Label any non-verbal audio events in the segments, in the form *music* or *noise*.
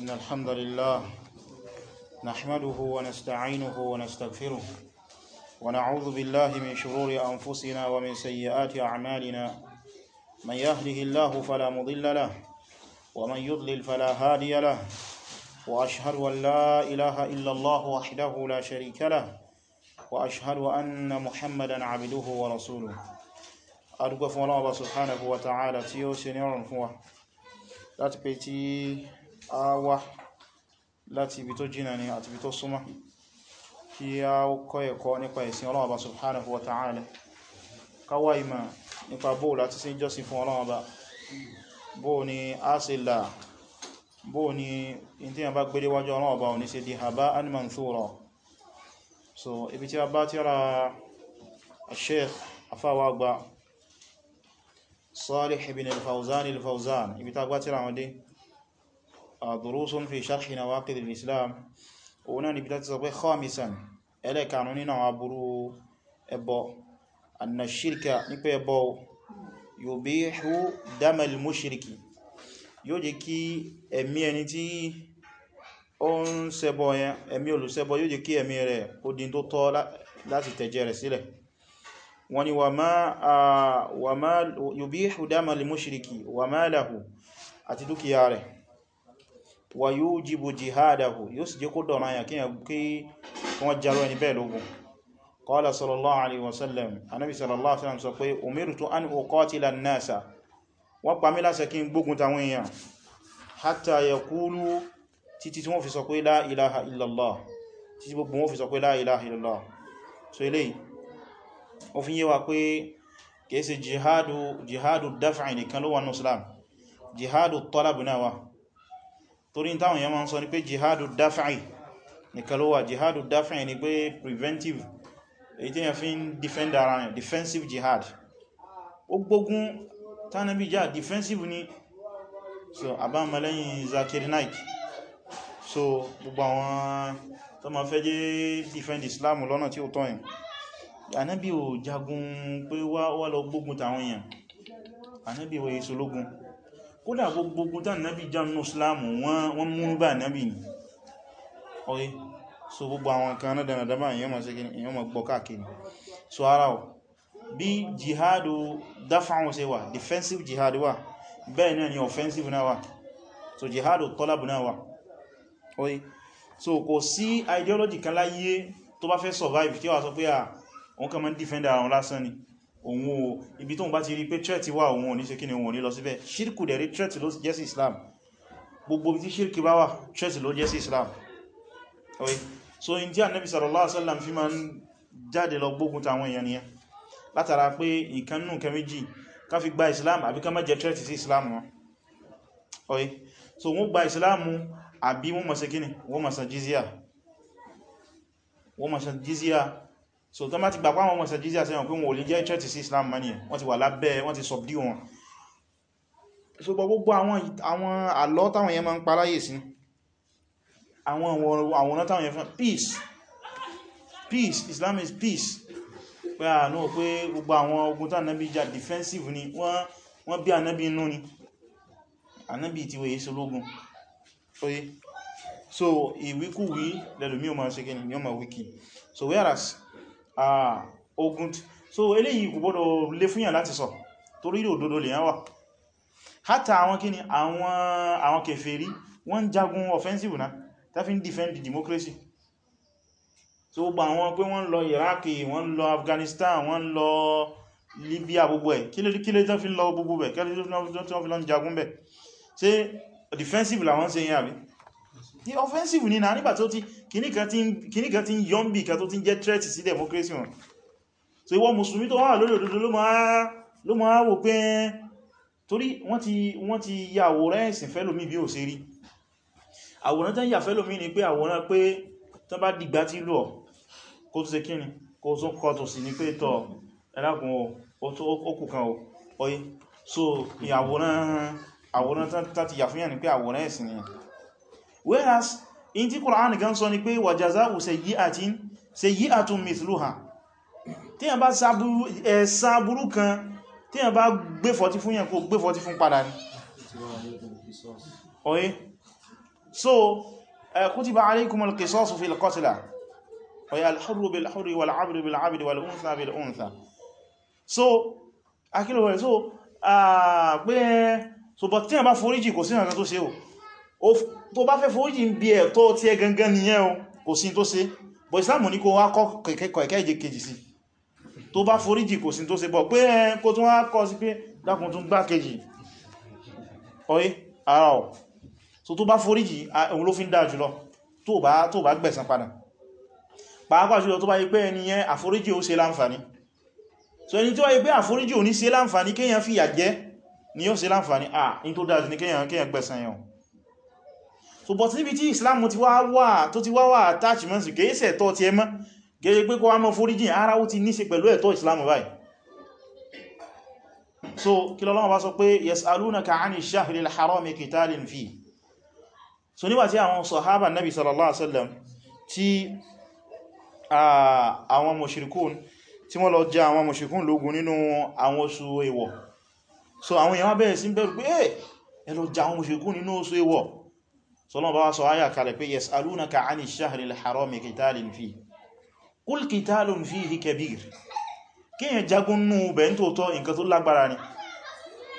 إن الحمد لله نحمده ونستعينه ونستغفره ونعوذ بالله من شرور أنفسنا ومن سيئات أعمالنا من يهده الله فلا مضل له ومن يضلل فلا هادي له وأشهد أن لا إله إلا الله وحده لا شريك له وأشهد أن محمدا عبده ورسوله أدقف الله سبحانه وتعالى تيوسي نعم هو لا تبيتي a wá láti ibi tó jìnà ni àti ibi tó súnmọ́ kí a kọ́ ẹ̀kọ́ nípa ìsìn ọlọ́ọ̀bá subhanahu wa ta'ala káwà ìmọ̀ nípa bóò láti sí jọ́sìn fún ọlọ́ọ̀bá bóò ni a sì là bóò ni tí a bá gbé déwájú ọlọ́ọ̀bá ò ní sí di haba an manthura so ibi tí a bá tíra sheikh afáwà gba Salih ibn al-Fawzan al-Fawzan ibi ta gbá tíra wọn dé دروس في شرح نواقض الإسلام هنا نبدأ تصبح خامسا إلي كانونين عبرو أبو أن الشركة نبي أبو يبيح دم المشرك yóò jẹ́ kí ẹ̀mí ẹni tí ó ń ṣẹbọ yẹn ẹ̀mí olùṣẹbọ yóò jẹ́ kí ẹ̀mí rẹ̀ ó dín tó tọ́ láti tẹ̀jẹ̀ rẹ̀ sílẹ̀ wọ́n ni wà máa yóò bí ìhùdámà lè mọ́ṣìríkì wà máa láhù àti dúkìá rẹ̀ wa yujibu jihadahu yóò sì jẹ́ kó dọ̀rọ̀ àyà kí wọ́n jarọ ẹni bẹ́ẹ̀ lógún qala sallallahu alaihi wasallam anábi sallallahu alaihi wasallam sọ pé umirtu an uqatila an-nasa wọ́n pa mí láṣẹ kí n gbógun tàwọn èèyàn hatta yaqulu títí tí wọ́n fi sọ pé la ilaha illallah títí gbogbo jihadu talab náà torí táwọn èèyàn máa ń sọ ní pé jihadu dafa'i nìkan jihadu dafa'i ni pé preventive èyí tí yẹn fi ń defend ara rẹ̀ defensive jihad ó gbógun tánàbí jà defensive ni so àbámọ́lẹ́yìn zakir naik so gbogbo àwọn tó ma fẹ́ jẹ́ defend islam lọ́nà tí ó tọ́ yìn ànábì ò jagun pé wá lọ gbógun tàwọn èèyàn ànábì wọ èso lógun kódà gbogbo ogun tán nábi jánu islam wọ́n múrú bá nábi ni ọ̀rẹ́ so gbogbo àwọn kan náà dára dábà èyàn ma gbọ́ káàkiri so ara ọ̀ bí jihadu dáfàwọn ṣe wà defensive jihad wà bẹ́ẹ̀ náà ni offensive náà wà so jihadu tọ́lábù náà wà ọ̀rẹ́ so kò sí ideology kan láyé tó bá fẹ́ survive tí wà sọ pé à òun kàn máa ń defend ara lásán ni òun o ibi tóun bá ti rí pé tírẹ̀tì wà òun ò kí ni òun ò ní lọ síbẹ̀ ṣírkù dẹ̀ rí tírẹ̀tì ló jẹ́ sí Islam gbogbo ibi tí ṣírkì bá wà tírẹ̀tì ló jẹ́ sí Islam ọ̀wẹ́ so in tí Ànábì sallallahu alaihi wasallam fi máa ń jáde lọ gbógun tàwọn èèyàn nìyẹn látara pé nǹkan nù kẹmíjì ká fi gba Islam àbí ká má jẹ tírẹ̀tì sí Islam wọn ọ̀wẹ́ so wọ́n gba Islam àbí wọ́n mọ̀ sí kíni wọ́n mọ̀ sí wọ́n mọ̀ sí jizya so tó má ti gbà pàwọn ọmọọ̀sẹ̀ jíjá sẹ́yàn pé wọn ò lè jẹ́ ìtẹ́tì sí Islam mania wọ́n ti wà lábẹ́ wọ́n ti sọ̀bdí wọn so gbogbo àwọn àlọ́ táwọn yẹn máa ń paráyè sí àwọn àwòrán táwọn yẹn fún peace peace Islam is peace pé àánú pé gbogbo àwọn ogun tá ànábì jà defensive ni wọ́n bí ànábì inú ni ànábì ti wòye sológun oye so ìwíkúwí lẹ́lùmí o máa ṣe kí ni o máa wíkì so whereas ogun so eléyìí kò gbọ́dọ̀ lé fúnyàn láti sọ torí òdodo lè yán wà hátà àwọn kíni àwọn kèfèrí wọ́n jagun offensive náà tá fi ń defend democracy so gbogbo àwọn pé wọ́n lọ Iraqi wọ́n lọ Afghanistan wọ́n lọ Libya gbogbo ẹ̀ kí lè tán fi lọ gbogbo bẹ̀ kí lè tán fi lọ jagun bẹ̀ ṣe defensive làwọn ṣe yẹn àbí the offensive ni na nígbà tó ti kìníkà tí ń yọ́n bí ìkà tó ti ń jẹ́ threat sí democracy wọn so ìwọ mùsùlùmí tó wà lórí òdòdó ló máa wò pé torí wọ́n ti ya àwòrán ẹ̀sìn fẹ́lòmí bí ò ṣe rí àwòrán tán yà fẹ́lòmí ni pé àwòrán pé tán bá dìgbà tí lọ kó tó ṣe kíni kó tó kọ́ tó sì ní pé tọ́ ẹlákùn okù kan ọyí so ìyàwòrán tán ti yà fún yà ní pé àwòrán ẹ̀sìn nìyàn whereas in tí Qur'an gan sọ ni pé wa jaza'u sayyi'atin sayyi'atun mithluha tí yàn bá ẹ̀sà burú kan tí yàn bá gbé fọ́tí fún yàn kó gbé fọ́tí fún padà ní ọ̀yẹ́ so kutiba alaykumul qisasu fil qatla ọ̀yẹ́ al bil-hurri wal-'abdu bil-'abdi wal-untha bil-untha so akílò rẹ̀ so ah, pé so bọ̀ tí yàn bá foríjì kò sí nǹkan tó ṣe o tó bá fẹ́ foríjì ń bí ẹ̀tọ́ tí ẹ gangan nìyẹn o kò sí tó ṣe bọ̀ Islam ní kó wá kọ́ kẹ̀kẹ́ ìjẹ kejì sí tó bá foríjì kò sí tó ṣe bọ̀ pé ẹn kó tún wá kọ́ sí pé dákùn tún gbá kejì ọ̀yí ara ọ̀ so tó bá foríjì òun ló fi ń dáa jùlọ tó bá tó bá gbẹ̀san padà pàápàá jùlọ tó bá yí pé ẹni yẹn àforíjì ó ṣe láǹfààní so ẹni tó wá yí pé àforíjì ò ní ṣe láǹfààní kéèyàn fìyà ni yóò ṣe láǹfààní à ní tó dáa jù ní kéèyàn kéèyàn gbẹ̀san yẹn so but níbi tí islam ti wá wà tó ti wá wà attachment kèése ẹ̀tọ́ ti ẹmọ́ gẹ́gẹ́ pé kó wá mọ́ foríjìn ara ó ti níṣe pẹ̀lú ẹ̀tọ́ islam báyìí so kí lọ́lọ́wọ́ bá sọ pé yas'alunaka 'ani ash-shahril so nígbà tí àwọn sahaba nabi sallallahu alaihi wasallam tí àwọn mushrikun tí wọ́n lọ jà àwọn mushrikun lógun nínú àwọn oṣù èwọ̀ so àwọn èèyàn bẹ̀rẹ̀ sí bẹ̀rù pé ẹ lọ jà sọ́lọ́n bá sọ ayà kalẹ̀ pé yas'alunaka 'ani ash-shahri al-harami qitalin fihi qul qitalun fihi kabir kíyàn jagun nù bẹ̀yìn tó tọ́ nǹkan tó lágbára ni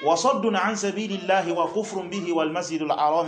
wa saddun 'an sabilillahi wa kufrun bihi wal masjid al-haram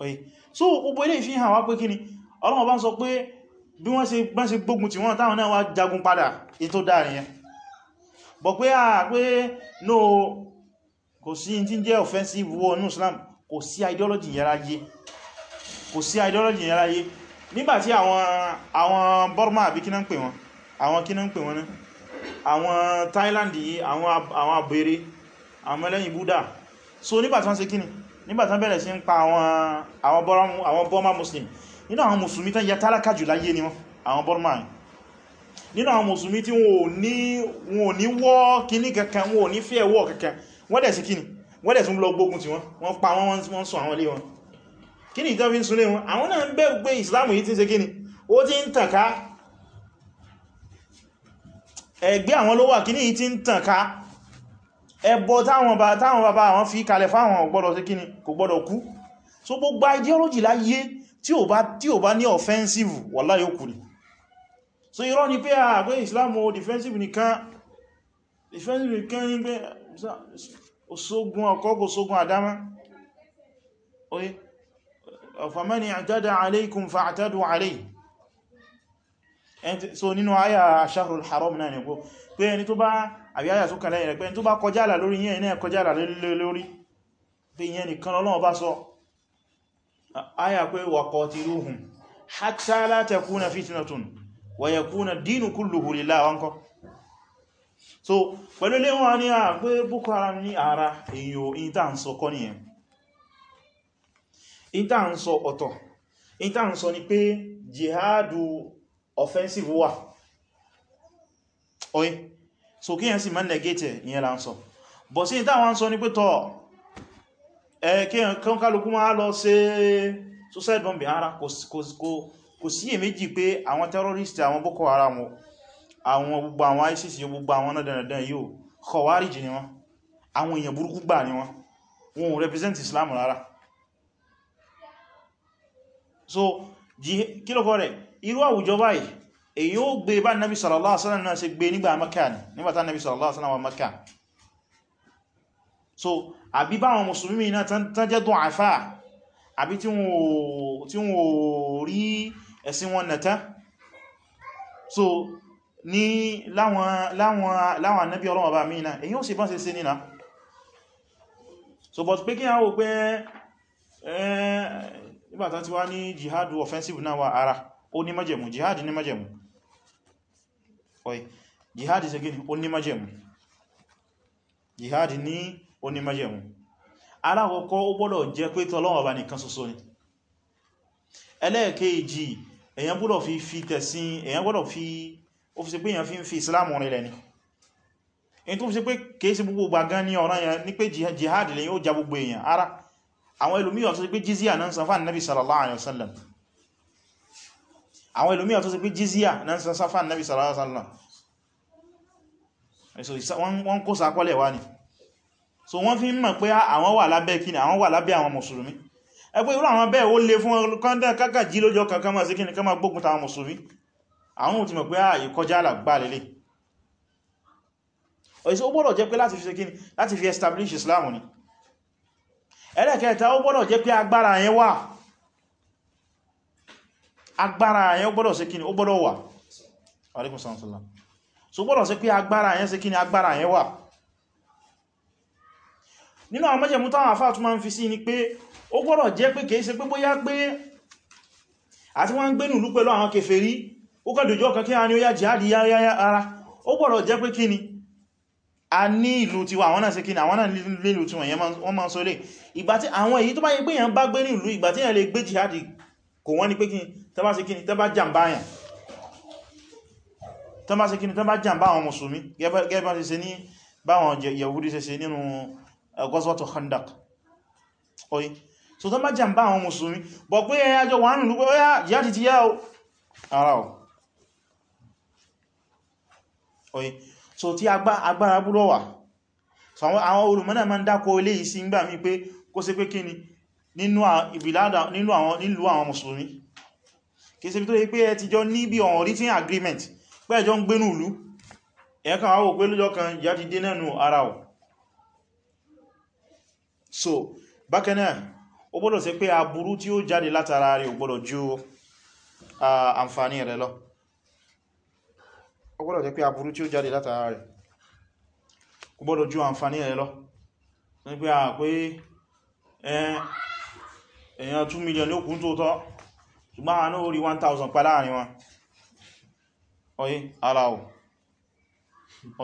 fẹ́ so gbogbo ilé ìfi wá pé kíni Ọlọ́run bá ń sọ pé bí wọ́n ṣe gbógun tí wọ́n táwọn náà wá jagun padà ètò dáàrin bọ̀ pé à pé no kò sí tí jẹ́ offensive war ní Islam kò sí ideology yẹra yé nígbàtí àwọn Burma àbí kí náà ń pè wọn àwọn kí náà ń pè wọn nígbàtán bẹ̀rẹ̀ sí ń pa àwọn Burma Muslim nínú àwọn Mùsùlùmí tán ya tálákà jù láyé ni wọ́n àwọn Burma ni nínú àwọn Mùsùlùmí tí wọn ò ní wọ́ kíní kankan wọn ò ní fẹ́ wọ́ kankan wọ́n dẹ̀ sí kíní wọ́n dẹ̀ tún lọ gbógun ti wọn wọ́n pa wọn wọ́n sọ àwọn ilé wọn kíní ìtọ́ fi ń súnlé wọn àwọn náà ń bẹ̀rù pé ìsìláàmù yìí ti ń ṣe kíní ó ti ẹbọ táwọn bàbá àwọn fi kalẹ̀ fáwọn ọgbọ́dọ̀ sí kíni kò gbọ́dọ̀ kú so gbogbo ideology láyé tí ò bá tí ò bá ní offensive wallahi ó kú ni so irọ́ ni pé àgbé ah, Islam o defensive nìkan defensive nìkan ní pé òṣogun ọkọ̀ kò ṣogun àdámá oye famani i'tada alaykum fa'tadu alayhi so nínú àyà shahrul haram náà ni pé ẹni tó bá àbí àyà tó kàn lẹ́yìn rẹ̀ pé tó bá kọjá àlà lórí yẹn náà kọjá àlà lórí pé yẹn nìkan Ọlọ́run bá sọ àyà pé waqatiluhum hatta la takuna fitnatun wa yakuna ad-dinu so pẹ̀lú ilé wọn ní àgbé Boko Haram ní ara èyàn ìta ń sọ kọ́ nìyẹn ìta ń offensive wà ọ̀yìn so kí yẹn sì mọ́ negate ìyẹn la ń sọ bọ̀ sí ìtàwọn sọ ní pé tọ́ ẹ kí yẹn kán kálukú máa lọ sí suicide bombing ara kò sí èméjì pé àwọn terrorist àwọn boko haram àwọn gbogbo àwọn isis yóò gbogbo àwọn náà yóò khawarij ni wọ́n àwọn èèyàn burúkú gbà ni wọ́n wọn represent islam rárá so kí lọ́kọ́ rẹ̀ irú àwùjọ báyìí èyí ó gbé bá nabi sallallahu alaihi wasallam náà ṣe gbé nígbà Mákà ní nígbàtá nabi sallallahu alaihi wà Mákà so àbí báwọn mùsùlùmí náà tán jẹ́ dùn àfà àbí tí wọ́n rí ẹ̀sìn wọn nàtá so ní láwọn anábí ọlọ́wọ́ bá mìíràn èyí ó sì bá ṣe sí nínà so but pé kí a wò pé nígbàtá ti wá ní jihad offensive náà wà ara ó ní kọ́ì jihad ṣe gini ó ní májẹ̀mú jihad ní ó ní májẹ̀mú alákọ̀ọ́kọ́ ó gbọ́dọ̀ jẹ́ pé tọ́lọ́wọ̀ bá nìkan ṣoṣo ni ẹlẹ́ẹ̀kejì èyàn gbọ́dọ̀ fi fi tẹ̀sìn èyàn gbọ́dọ̀ fi ó fi ṣe pé èyàn fi ń fi ìsìláàmù rẹ̀ lẹ́ni èyí tó fi ṣe pé kìí ṣe gbogbo gbàgán ní ọ̀ràn yẹn ní pé jihad lẹ́yìn ó ja gbogbo èyàn ara àwọn ẹlòmíyàn tó ṣe pé jizya náà san fún Ànábì sallallahu alaihi wasallam àwọn ẹlòmíràn tó sì pé jízíà náà sọ sáfà náà sallallahu alaihi wasallam so wọ́n kó sàkọ́lẹ̀ wá ní so wọ́n fi ń mọ̀ pé àwọn wà lábẹ́ kíni àwọn wà lábẹ́ àwọn mùsùlùmí ẹgbẹ́ irú àwọn bẹ́ẹ̀ ó lè fún kọ́ndà kákà jí lójọ́ kankan máa sí kíni ká máa gbógun tàwọn mùsùlùmí àwọn ohun ti mọ̀ pé à ah, ìkọjá àlàgbà lélẹ̀ ọ̀yẹ́sí ó agbára yẹn ó gbọ́dọ̀ ṣe kíni ó gbọ́dọ̀ wà alaikum sàmsùlá so gbọ́dọ̀ ṣe pé agbára yẹn ṣe kíni agbára yẹn wà nínú àwọn mẹ́jẹ̀mú táwọn tún máa ń fi sí ni pé ó gbọ́dọ̀ jẹ́ pé kìí ya pé bóyá pé àti wọ́n ń gbé nùlú pẹ̀lú àwọn kèfèrí ó kẹ́ kí a ní ó yá jihadi yára ó gbọ́dọ̀ jẹ́ pé a ní ìlú tiwa àwọn náà náà nílùú tiwọn yẹn sọ àwọn tán bá ṣe kíni tán bá jàmbá yàn tán bá ṣe kíni tán bá jàmbá àwọn mùsùlùmí gẹ́gẹ́ bá ṣe ṣe ní báwọn yahudi ṣe uh, so tán bá jàmbá àwọn mùsùlùmí bọ̀ pé ẹyájọ́ wà nù lúgbẹ́ ọyá jihadi so tí agbára búrọ̀ wà so àwọn olùmọ́nà máa ń dákọ ilé ìsìn gbà mí pé kó ṣe pé kíni nínú uh, àwọn mùsùlùmí kìí ṣe bí tó yí pé ẹ ti jọ ní bí on written agreement pé ẹjọ́ ń gbénú ìlú ẹ̀ẹ́kàn àwọ̀ pé lójọ́ kan ìyá ti dé nẹ́nu ara ọ̀ so bákanáà ó gbọ́dọ̀ ṣe pé aburú tí ó jáde látara rẹ̀ ó gbọ́dọ̀ ju àǹfààní rẹ̀ lọ ó gbọ́dọ̀ ṣe pé aburú tí ó jáde látara rẹ̀ ó gbọ́dọ̀ ju àǹfààní rẹ̀ lọ ní pé à pé èèyàn 2 million ní òkú tó tọ́ ṣùgbọ́n àwọn orí 1000 pa láàrin wọn oye ara o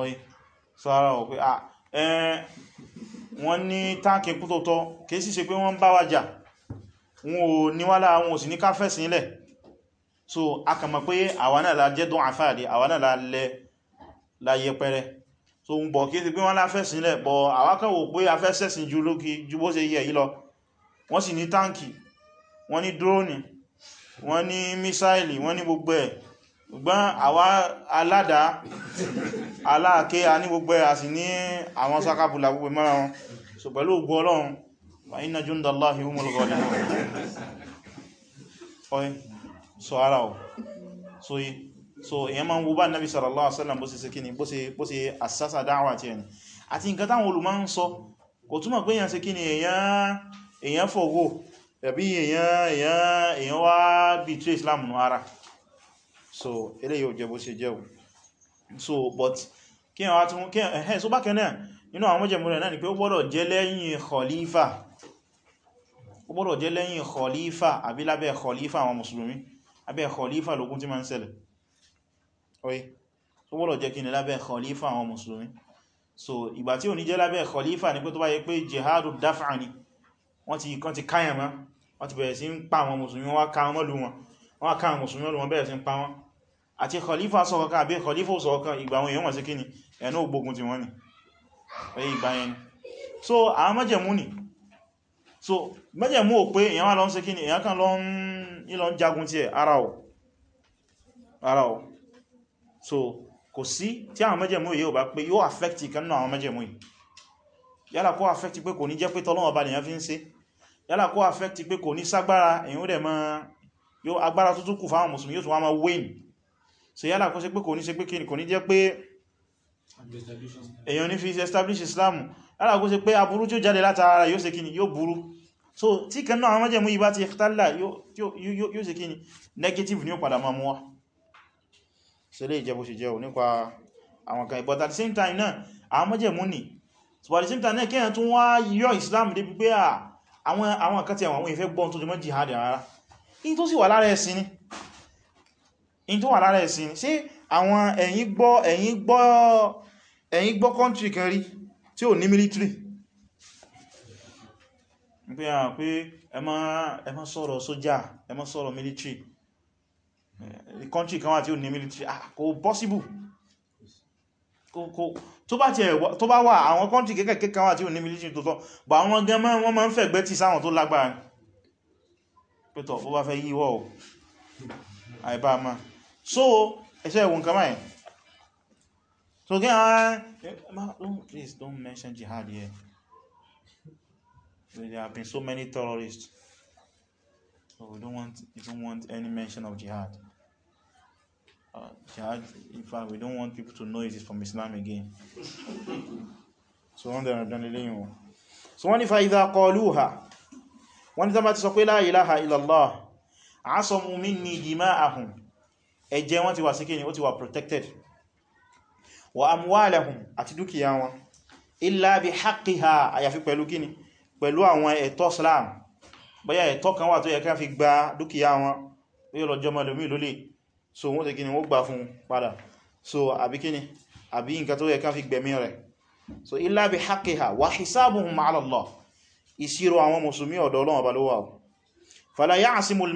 oye so ara o pé ẹn wọ́n ní táàkì kútótọ́ kìí sì ṣe pé wọ́n bá wájà wọn ò níwálá wọn ò sì ní káfẹ́ sílẹ̀ so a kà mọ̀ pé àwa náà la jẹ́ àfáàdé àwa náà la lẹ la so ń bọ̀ kìí sì pé wọ́n láfẹ́ sílẹ̀ bọ̀ àwa kàn wò pé afẹ́ sẹ́sìn ju lókè ju bó ṣe yẹ yìí lọ wọ́n sì ní táǹkì wọ́n ní dúrónì wọ́n ní mísáìlì wọ́n ní gbogbo ẹ̀ ṣùgbọ́n àwa aládá aláàké a ní gbogbo ẹ̀ a sì ní àwọn sákàbùlà gbogbo mọ́ra wọn so pẹ̀lú ògbó ọlọ́run wa inna jundallahi humul ghalibun ọ̀yẹ́ so so yí so èyàn máa ń wo bá nabi sallallahu alaihi wasallam bó ṣe ṣe kíni bó ṣe àsásà tàbí èyàn èyàn èyàn wá bí tí islam nù ara so ilé yóò jẹ bó ṣe jẹ́ so but kí àwọn àtún kí ẹ̀hẹ́ so bákan náà nínú àwọn mọ́jẹ̀mú rẹ̀ náà ni pé ó gbọ́dọ̀ jẹ́ lẹ́yìn khalifa ó gbọ́dọ̀ jẹ́ lẹ́yìn khalifa àbí lábẹ́ khalifa àwọn mùsùlùmí abẹ́ khalifa lókún tí ma ń ṣẹlẹ̀ oye ó gbọ́dọ̀ jẹ́ kí so ìgbà tí ò ní jẹ́ lábẹ́ khalifa ni pé tó bá yẹ pé jihadu dafa ni wọ́n ti kan ti káyàmá wọ́n ti bẹ̀rẹ̀ sí ń pa àwọn mùsùlùmí wọ́n ká wọn lù wọn wọ́n ká àwọn mùsùlùmí lù wọn bẹ̀rẹ̀ sí ń pa wọn àti khalifa sọ̀rọ̀ kan àbí khalifa sọ̀rọ̀ kan ìgbà wọn èèyàn wọ́n sí kíni ẹ̀nà ògbógun ti wọ́n ni ẹ̀yìn so àwọn ni so mẹ́jẹ̀mú ò pé èèyàn wá lọ ń sí kíni èèyàn kan lọ so kò sí tí àwọn mẹ́jẹ̀mú yìí ò bá pé yóò affect ìkan náà àwọn mẹ́jẹ̀mú yìí yálà kó affect pé kò ní jẹ́ pé tọ́lọ́wọ́ bá lèyàn fi ń ṣe yálà kó affect pé kò ní ságbára èyàn ó dẹ̀ ma yóò agbára tó tún kù fáwọn mùsùlùmí yóò tún wá ma wéyìn so yálà kó ṣe pé kò ní ṣe pé kí ni kò ní jẹ́ pé èyàn ní fi establish Islam yálà kó ṣe pé aburú tí ó jáde látara yóò ṣe kíni yóò burú so tí kan náà àwọn jẹ́mú ibá ti ìtàlá yóò ṣe kíni negative ni ó padà ma mú wá so lè jẹ́ bó ṣe jẹ́ ò nípa àwọn kan but at the same time náà àwọn jẹ́mú ni so at the same time náà kí àwọn àwọn kan tí àwọn ìfẹ́ gbọ́n tó jọmọ́ jihad rárá in tó sì wà lára ẹ̀sìn ni in tó wà lára ẹ̀sìn ni ṣé àwọn ẹ̀yin gbọ́ ẹ̀yin gbọ́ ẹ̀yin gbọ́ country kan rí tí ò ní military ah, pé àwọn pé ẹ má sọ̀rọ̀ sójà ẹ má sọ̀rọ̀ military eh, country kan wà tí ò ní military ah kò possible kò kò tó bá wà àwọn kọ́ntì kékèké kan wà tí ò ní military tó tọ́ bà wọn gan wọn máa ń fẹ̀gbẹ́ ti sáwọn tó lágbára pẹ̀tọ̀ ó bá fẹ́ yíwọ́ ò àìbá ma so ẹ̀ṣẹ́ ìwọ̀n kan máa so kí uh, jihad. In fact, we don't want people to know it is from Islam again. so wọ́n dẹ̀rẹ̀ dán lélẹ́yìn wọn. so wọ́n if I either call you her, tán bá I sọ pé la ilaha illallah asamu minni dima'ahum ẹ̀jẹ̀ wọn ti wà síkè ní ó ti wà protected wa amwalahum àti dúkìá wọn illa bi haqqiha àyàfi pẹ̀lú kíni pẹ̀lú àwọn ẹ̀tọ́ Islam bóyá ẹ̀tọ́ kan wà tó yẹ ká fi gba dúkìá wọn ó yẹ lọ jọmọ́ lómi lólè so wọ́n tẹ́kí ni wọ́n gbà fún padà so àbí kíni àbí nǹkan tó yẹ ká fi gbẹ̀mí rẹ̀ so illa bi haqqiha wa hisabuhum ala Allah ìṣirò àwọn mùsùlùmí ọ̀dọ̀ Ọlọ́run ọba ló wà fala ya'simul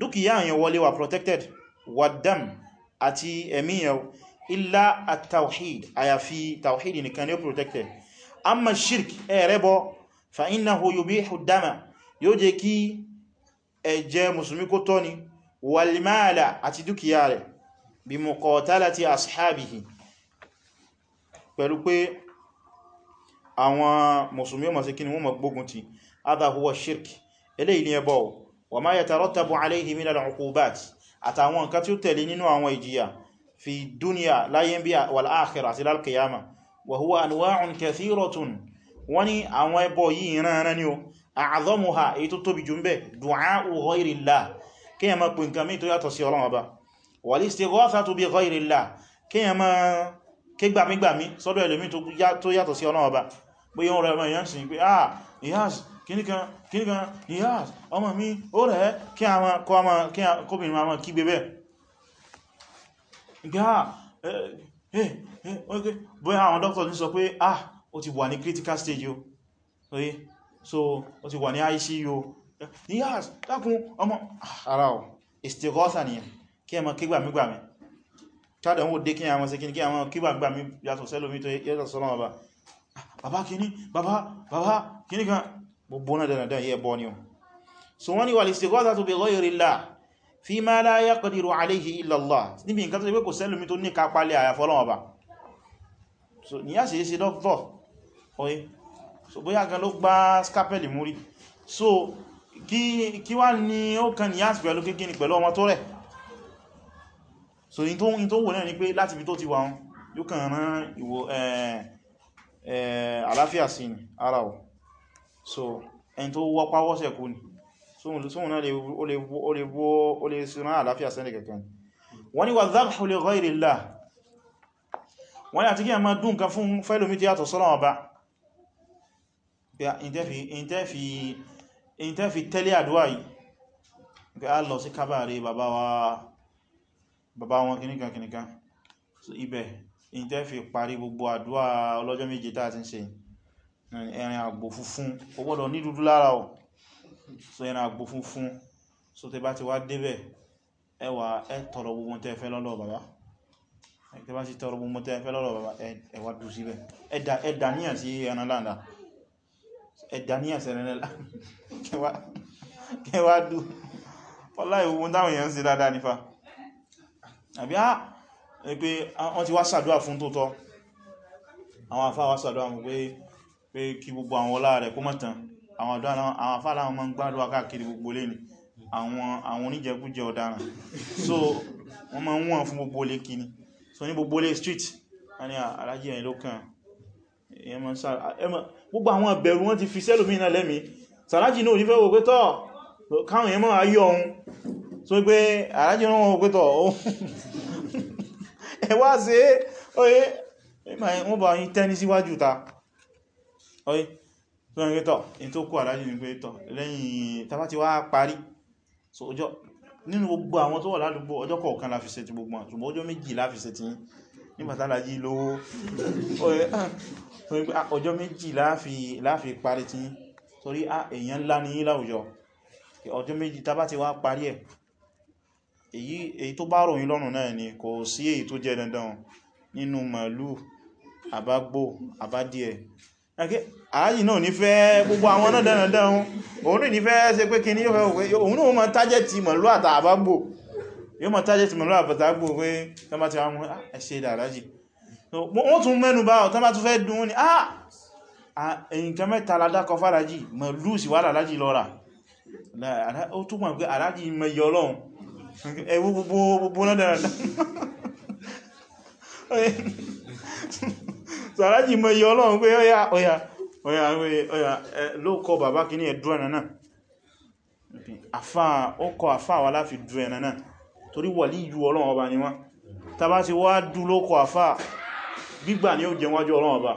dúkìyà yẹn wọlé wà protected wàdám àti ẹ̀mí yẹn illa at-tawhid àyàfi tawhid nìkan protected amma shirk ẹ̀rẹ́ bọ́ fa innahu yubihu dama yóò jẹ́ kí wàlmáàlá àti dúkìá rẹ̀ bí muqatalati ashabihi pẹ̀lú pé àwọn mùsùlùmí ó máa ṣe kíni wọ́n máa gbógun ti adha huwa shirk eléyìí ni ẹbọ wa ma yatarattabu alayhi min al-uqubat àtàwọn nǹkan tí ó tẹ̀lé nínú àwọn ìjìyà fi dúnìyà láyé bí wal àti lálkìyàmà wa huwa anwa'un kathiratun wọ́n ní àwọn ẹbọ yìí ìran rẹ̀ ni ó a'zamuha èyí tó tóbi jù ń bẹ du'a'u ghayrillah kíyàn máa pè nǹkan mí tó yàtọ̀ sí Ọlọ́run Ọba wal istighathatu bi ghayrillah kíyàn máa kégbàmígbàmí sọ́dọ̀ ẹlòmí tó yàtọ̀ sí Ọlọ́run Ọba pé yóò rẹ̀ yán sí pé ah ìyáàs kíníkan kíníkan ìyáàs ọmọ mi ó rẹ̀ kí a máa kọ́ ọmọ kí a kóbìnrin máa kí bẹ́ẹ̀ gbá ẹ̀ ẹ̀ ẹ̀ bóyá àwọn dókítà o ah, ti wà ní ICU Niyaz dákun ọmọ ara ọ̀ istighatha nìyẹn kí ẹ mọ̀ kí gbàmígbàmí kádà wọ́n dé kí àwọn sí kí àwọn kí gbàmígbàmí yàtọ̀ sẹ́lómi tó yàtọ̀ sọ́lọ́wọ́ bá bàbá kìíní bàbá bàbá kìíní kan gbogbo náà dandan yẹ bọ́ ni o so wọ́n ni wal istighathatu bi ghayrillah fima la yaqdiru alayhi illa Allah níbi nǹkan tó ṣe pé kò sẹ́lómi tó ní kápálẹ̀ àyàfọ́lọ́wọ́ bá so Niyaz ṣe dọ́kítọ̀ oye so so kí wá ní ó kàn ní àti pẹ̀lú kéèkì ní pẹ̀lú ọmọ tó rẹ̀ so in tó in tó wò náà ni pé láti bí tó ti wà wọn yóò kàn rán ìwò àláfíà sí ni ara ọ̀ so ẹni tó wọ́pá wọ́sẹ̀ kú ni sóhun náà lè wó ó lè sírán àláfíà sẹ́lẹ̀ kẹ̀kẹ́ wọ́n ni wà záàkù li ghayrillah wọ́n ni àti kí a èyí tẹ́ fi tẹ́lé àdúwà yìí pé a lọ sí kábàrí bàbá wọn kìníkan kìníkan so ibẹ̀ èyí tẹ́ fi parí gbogbo àdúwà ọlọ́jọ́ méje tàà ti ń ṣe ẹran àgbò funfun ó gbọ́dọ̀ ní dúdú lára ọ̀ so ẹran àgbò funfun so tẹ bá ti wá débẹ̀ ẹ wá ẹ tọrọ gbogbo tẹ́ fẹ́ lọ́lọ́ bàbá ẹ tẹ́ bá ẹ̀dà ní ẹ̀sẹ̀ rẹ̀rẹ̀lá kẹwàá dù ọlá ìwọ̀n táwọn èèyàn sí dáadáa nífà àbí á pé wọ́n ti wá sàdúwà fún tótọ́ àwọn àfá wá sàdúwà fún pé kí gbogbo àwọn ọlá rẹ̀ kó mọ̀tàn àwọn àfá láwọn mọ́ ń gbádùn akáàkiri gbogbo lẹ́ni so wọ́n máa ń wọ́n so ní gbogbo lé street a ní alájẹ́ ẹ̀ lókàn gbogbo àwọn ìbẹ̀rù wọn ti fi sẹ́lòmí náà lẹ́mí sàlájì náà onífẹ́ òpé tọ́ káwọn èèmọ́ ayé ọun tó gbé àrájì náà wọn òpé tọ́ *laughs* ẹwà sí oye wọ́n bá yí tẹ́ni síwájú ta oye tó ń gbé tọ́ in tó kú àrájì ní pé tọ́ lẹ́yìn tàbá ti wá parí nínú gbogbo àwọn tó wà ládùúgbò ọjọ́ kọ̀ọ̀kan láfi ṣe ti gbogbo àtùgbọ́ ọjọ́ méjì láfi ṣe ti yín nígbàtàlájí lówó ah, ah, ọjọ́ méjì láàfi parí tí torí ah, èyàn ńlá ní láwùjọ ọjọ́ méjì tàbá ti wá parí ẹ̀ èyí tó bá ròyìn lọ́rùn náà ni kò sí èyí tó jẹ́ dandan nínú màálù àbágbò àbádìẹ ààyì náà ní fẹ́ gbogbo àwọn náà dandan òun ní fẹ́ ṣe pé kí ní òun náà mọ́ tájẹ́ ti màálù àtàbágbò yóò mọ̀ tájẹ̀ tí mọ̀ lọ́wọ́ àbọ̀tàgbò pé tọ́mà ti ah, wọ́n mú ẹ̀ṣẹ́ ìdàrájì wọ́n tún mẹ́nu bá ọ̀tọ́mà tún fẹ́ dùn ní àà ah, nǹkan mẹ́ta aládákọ fàrájì mọ̀ lúùsì wà láàájì lọ́ra ó tún mọ̀ pé àrájì mẹ́yọ ọlọ́run ẹwú gbogbo náà dára *laughs* so àrájì mẹ́yọ ọlọ́run pé ọya ọya ọya ọya ló kọ bàbá kìíní ẹ̀dú ẹ̀nà náà àfáà ó kọ àfáà wà láfi dú ẹ̀nà náà torí wọ̀lí ju ọlọ́run ọba ni wọ́n tàbá ti wá dú lókọ àfà gbígbà ní ó jẹ wájú ọlọ́run ọba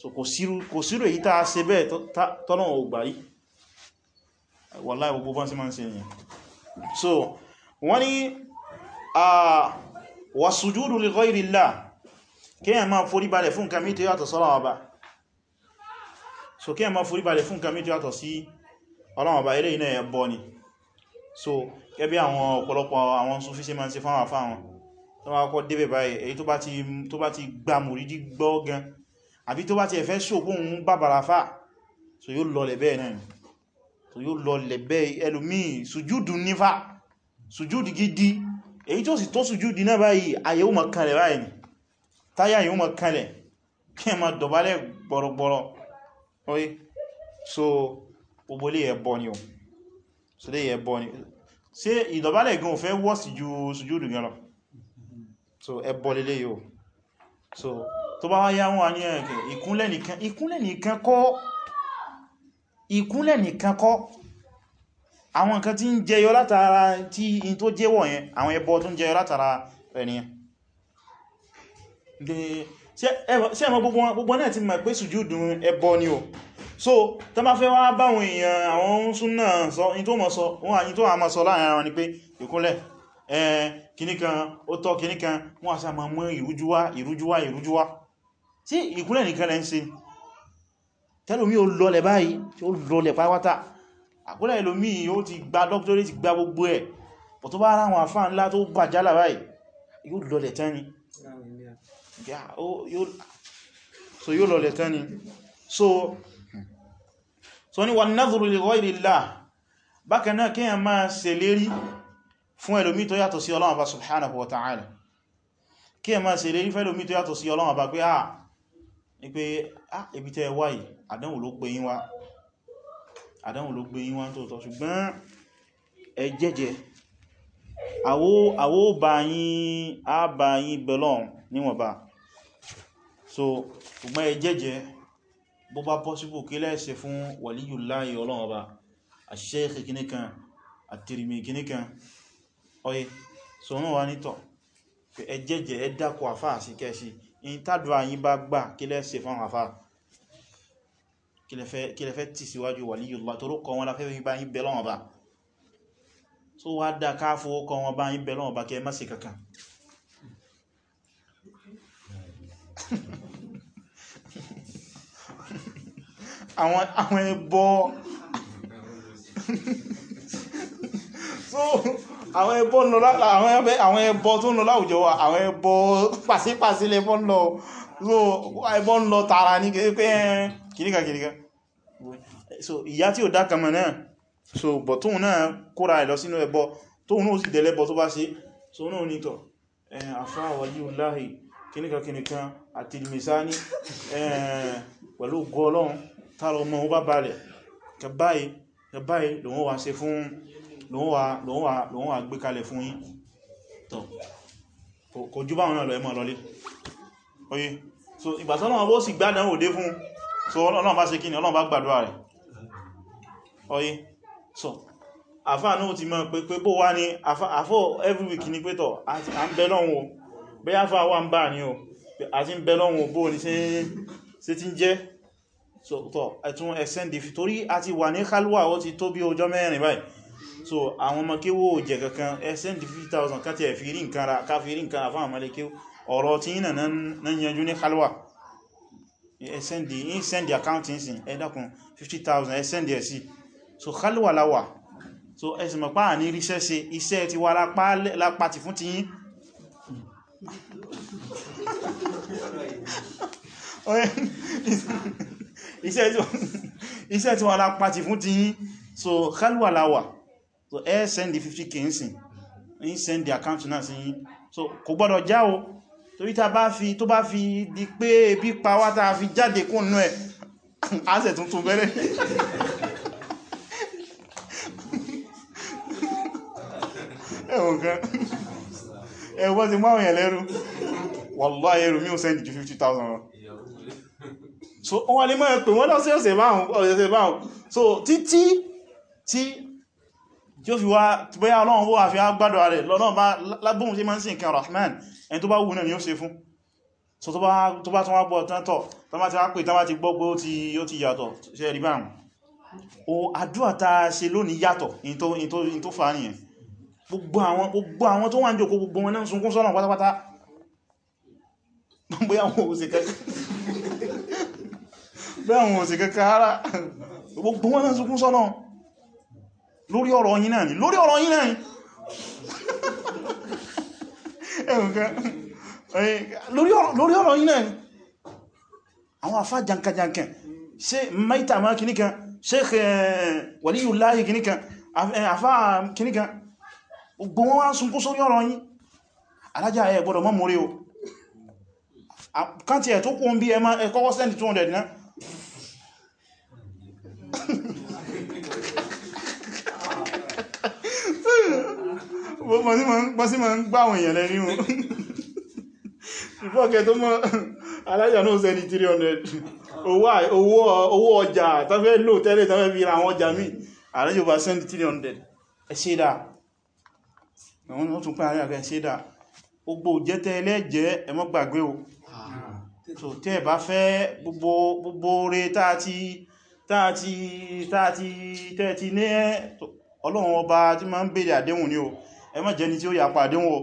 so kò sírò èyí tàà ṣe bẹ́ẹ̀ tọ́nà ògbà yìí wàláhì gbogbo bá sí máa ń ṣe èyàn so wọ́n ni wà sùjúdù li ghayri Allah máa forí balẹ̀ fún nǹkan mìí tó sí ọlọ́run ọba ilé iná ni so gẹ́bí àwọn ọ̀pọ̀lọpọ̀ àwọn Sufi ṣe máa ń ṣe fáwọn àfá wọn tó wá kọ́ débẹ̀ báyìí èyí tó bá ti gba mùrídí gbọ́ gan àbí tó bá ti ẹ̀fẹ́ ṣògbóhun bàbàrà fà so yóò lọ lẹ̀bẹ́ náà so yóò lọ lẹ̀bẹ́ ẹlòmíì sùjúdù nífà sùjúdù gidi èyí tó sì tó sùjúdù náà báyìí ayé ó máa kanlẹ̀ báyìí ni táyà yóò máa kanlẹ̀ kí ẹ máa dọ̀bálẹ̀ gbọ̀rọ̀gbọ̀rọ̀ oye so o so ilé ẹ̀bọ ni ṣe ìdọ̀bálẹ̀ gan ò fẹ́ wọ́sì ju sùjúdù gan lọ so ẹbọ lélé yóò so tó bá wáyá wọn ní ẹ̀kẹ́ ìkúnlẹ̀ nìkan ìkúnlẹ̀ nìkan kọ́ ìkúnlẹ̀ nìkan kọ́ àwọn nǹkan tí ń jẹyọ látara tí in tó jẹ́wọ̀ yẹn àwọn ẹbọ tó ń jẹyọ látara rẹ̀ nìyẹn ṣé ẹmọ gbogbo náà ti mọ̀ pé sùjúdù ẹbọ ni o so tó bá fẹ́ wá báwọn èèyàn àwọn súnnà sọ in tó mọ̀ sọ wọ́n àyí tó àmà sọ láàrin ara ni pé ìkúnlẹ̀ kìníkan ó tọ́ kìníkan wọ́n àṣà ma mọ́ ìrújúwá ìrújúwá ìrújúwá tí ìkúnlẹ̀ nìkan lẹ́ ń ó lọlẹ̀ báyìí tí ó lọlẹ̀ páwátá àkúnlẹ̀ so so ni wan nadhuru li ghayri Allah bákan náà kéèyàn máa ṣèlérí fún ẹlòmí tó yàtọ̀ sí Ọlọ́run Ọba subhanahu wa ta'ala kéèyàn máa ṣèlérí fún ẹlòmí tó yàtọ̀ sí Ọlọ́run Ọba pé ah ní pé ah ibi tẹ́ wà yìí àdánwò ló gbé yín wá àdánwò ló bó bá pọ́síbò kí lẹ́ẹ̀ṣe fún wàlíyùláyì ọlọ́run ọba àṣíṣẹ́ kìníkan àtìrìmì kìníkan ọyẹ sọ́nà wà nítọ̀ ẹjẹ́jẹ́ ẹdàkọ̀ àfá àti kẹsì in tàdùwà yí bá gbà kí lẹ́ẹ̀ṣe fún àfá kí lẹ́fẹ́ tì síwájú wàlíyùláyì tó rúkọ wọn láfẹ́ bá yí bẹ̀lọ́wọ̀n ọba àwọn ẹbọ àwọn ẹbọ ń lọ àwọn ẹbọ tó ń lọ láwùjọ wa àwọn ẹbọ pàṣípàṣí lẹbọ ń lọ so ẹbọ ń lọ tààrà ní pé kìríkà kìríkà so ìyá tí ó dá náà so bọ̀ tóun náà kóra ẹ̀ lọ sínú ẹbọ tóun náà sì dẹ̀lẹ́bọ tó bá tààrà ọmọ wọn bá balẹ̀ kẹbáyìí kẹbáyìí lòun wà ṣe fún lòun wà gbé kalẹ̀ fún yín tọ́ kò jú báwọn náà lọ ẹmọ lọlé oye so ìgbàtọ́nà ọwọ́ sì gbádàn òdé fún so ọlọ́run bá ṣe kí ni ọlọ́run bá gbàdúrà rẹ̀ oye so àfáà náà ti mọ́ pé pé bó wá ní àfọ́ every week ní pétọ̀ àti à ń bẹ lọ́wọ́ bẹ́yà fà wà ń bà ní o àti ń bẹ lọ́wọ́ bó ní sí ti ń jẹ́ so tọ́ ẹ̀tún ẹ̀sẹ́n dìfì torí a ti wà ní kálúwà ó ti tó bí ọjọ́ mẹ́rin báyìí so àwọn ọmọ kéwò jẹ kankan ẹ̀sẹ́n dìfì 5000 káti ẹ̀fì rí nǹkan ra káfí rí nǹkan ra fún àmàlẹ́ kéwò ọ̀rọ̀ tí yínà na yanjú ní kálúwà ẹ̀sẹ́ndì ìsẹ́ndì àkáǹtì ìsìn ẹ̀dàkùn 50,000 ẹ̀sẹ́ndì ẹ̀ sí so kálúwà láwà so ẹ̀sìn mọ̀pá ní ríṣẹ́ ṣe iṣẹ́ ti wà lápá ti fún ti yín ọ̀rẹ́ *laughs* iṣẹ́ tí wọ́n *laughs* lápá ti fún ti yín so khalwa láwà so ẹ send the 50k ń sìn ń send the account náà sí yín so kò gbọ́dọ̀ já o torí ta bá fi tó bá fi di pé ebi pa wá ta fi jáde kúnnú ẹ̀ àṣẹ *laughs* tuntun bẹ̀rẹ̀ *laughs* ẹ̀wọ̀n kan ẹ̀wọ́n ti mọ́ àwọn èèyàn lẹ́rú wallahi ẹrù mi ò 50,000 so wọ́n lè mọ́ ẹ̀pẹ̀ wọ́n lọ́sẹ̀ọ̀sẹ̀ báhùn so títí tí tí ó fi wá bóyá ọlọ́run wó àfi agbádọ̀ rẹ̀ lọ́nà bá lábùn sí máa ń sí nǹkan rahman ẹni tó bá wù náà ni ó ṣe fún so tó bá tún wá gbọ́ tọ́ntọ̀ tọ́má ti wá pè tọ́má ti gbọ́gbọ́ tí ó ti yàtọ̀ ṣe rí báhùn o àdúrà tá a ṣe lónìí yàtọ̀ in tó fà nìyẹn gbogbo àwọn tó wà ń jòkó gbogbo wọn náà sunkún sọ́nà pátápátá bóyá wọn ò ṣe kẹ́ bẹ́ẹ̀hùn òsì kankan ara gbogbo wọn náà sọ́nà lórí ọ̀rọ̀ yín náà ni lórí ọ̀rọ̀ yín náà ni *laughs* lórí ọ̀rọ̀ yín náà ni àwọn afá jankajankan ṣe maita ma kìníkan Sheikh Waliyullahi kìníkan afá kìníkan gbogbo wọn wá sunkún sórí ọ̀rọ̀ yín alájá ẹ mọ́ mórí o kántí ẹ̀ tó kún bí ẹ kọ́kọ́ sẹ́ndì 200 náà wọ́n sí ma ń gbá àwọn èèyàn lẹ́rí wọn ìfọ́kẹ́ tó mọ́ alájà náà sẹ́ni 300 owó ọjà tàbí lò tẹ́lẹ̀ tàbí fi ra àwọn ọjà míì alájà bá sẹ́ni 300 ẹ̀ṣẹ́dà wọ́n tún pẹ́ àríyàkẹ́ ẹ̀ṣẹ́dà gbogbo jẹ́tẹ́ ẹlẹ́jẹ́ ẹmọ́ gbàgbé o tẹ́ bá fẹ́ gbogbo rẹ̀ tàà ti tààtí tààtí tẹ́ẹ̀tí ní ọlọ́run ọba tí ma ń bèèrè àdéhùn ní o ẹ má jẹni tí ó yàpa àdéhùn o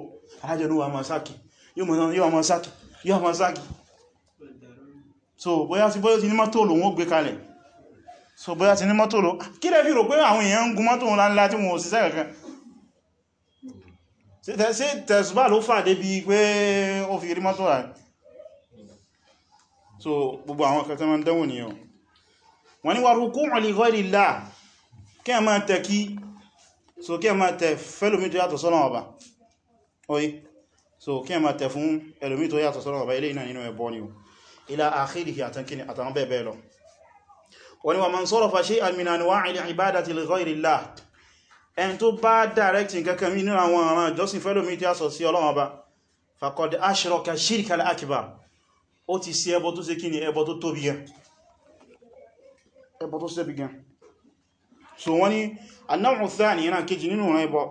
alájẹ̀lú wa ma sáàkì ma sáàkì yóò ma sáàkì so bóyá ti bóyá ti ní mọ́tò so bóyá ti ní mọ́tò lò kí pé àwọn èèyàn ń gun mọ́tò tí kankan sí ló fà débi pé ó fi àwọn ń wọ́n ní wà rúkúrù li kí ẹ máa tẹ̀ kí so kí ẹ máa tẹ̀ fẹ́lòmí tó yàtọ̀ sọ́lọ́wọ́ ọba oye so kí ẹ máa tẹ̀ fún ẹlòmí tó yàtọ̀ sọ́lọ́wọ́ ọba ilé iná nínú ẹbọ ni o ila akhirihi àtàkìní àtàwọn bẹ́ẹ̀ bẹ́ẹ̀ lọ wọ́n ní wà man sarafa shay'an min anwa'il ibadati li ghayrillah ẹni tó bá direct kankan mi nínú àwọn ọ̀ràn ìjọsìn fẹ́lòmí tó yàtọ̀ ni ẹbọ tó tóbi ẹbọ tó sẹ́bi gan so wọ́n ni anáwọ̀ thani yana kejì nínú ọ̀nà ẹbọ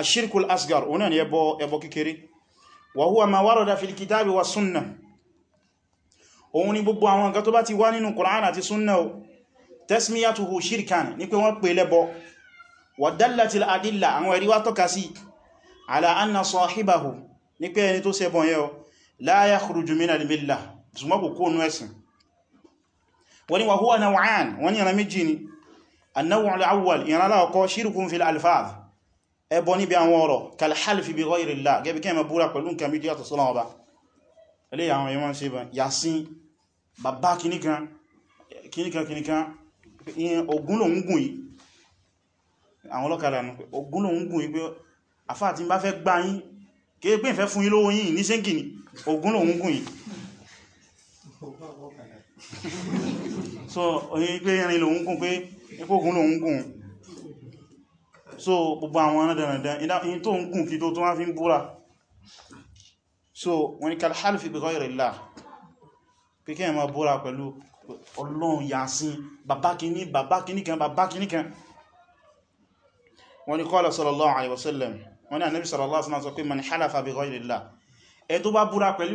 ashirkul asgar ọ̀nà ni ẹbọ ẹbọ kékeré wa huwa ma warada fil kitabi wa sunna òun ni gbogbo àwọn nǹkan tó bá ti wá nínú Qur'an àti sunna o tasmiyatuhu shirkan ní pé wọ́n pè lẹ́bọ wa dallatil adilla àwọn ẹ̀rí wá tọ́ka sí ala anna sahibahu ní pé ẹni tó ṣẹbọ yẹn o la yakhruju min al-millah ẹ̀sìn wọ́n ni wàhúwà naw'an wọ́n ni ìran méjì ni annáwò al'awwal ìran aláwọ̀kọ́ shirkun fil alfaz ẹbọ níbi àwọn ọ̀rọ̀ kalhalfi bi ghayri Allah gẹ́bí kẹ́ mẹ́ búra pẹ̀lú nǹkan méjì yàtọ̀ sọ́lọ́wọ́ ba ilé àwọn èèyàn máa ń ṣe bá yàsín bàbá kìníkan kìníkan kìníkan ogun lòun gùn yìí àwọn ọlọ́kadà nù ogun lòun yìí pé àfáà ti bá fẹ́ gbá yín kéèpé fún yín lówó ní ṣéǹkì ni ogun yìí so oyin pé ẹrin lòun gùn pé ipògùn lòun gùn so gbogbo àwọn ọ̀nàdànàdàn in tó ń gùn kí tó tó wá fi ń búra so wọ́n ni kalhal fi bẹ̀kọ́ ìrìnlá pé kí ẹ ma búra pẹ̀lú ọlọ́run yàásín bàbá kìíní kan bàbá kìíní kan wọ́n ni qala sallallahu alaihi wasallam wọ́n ni ànábì sallallahu alaihi wasallam sọ pé man halafa bi ghayrillah ẹ tó bá búra pẹ̀lú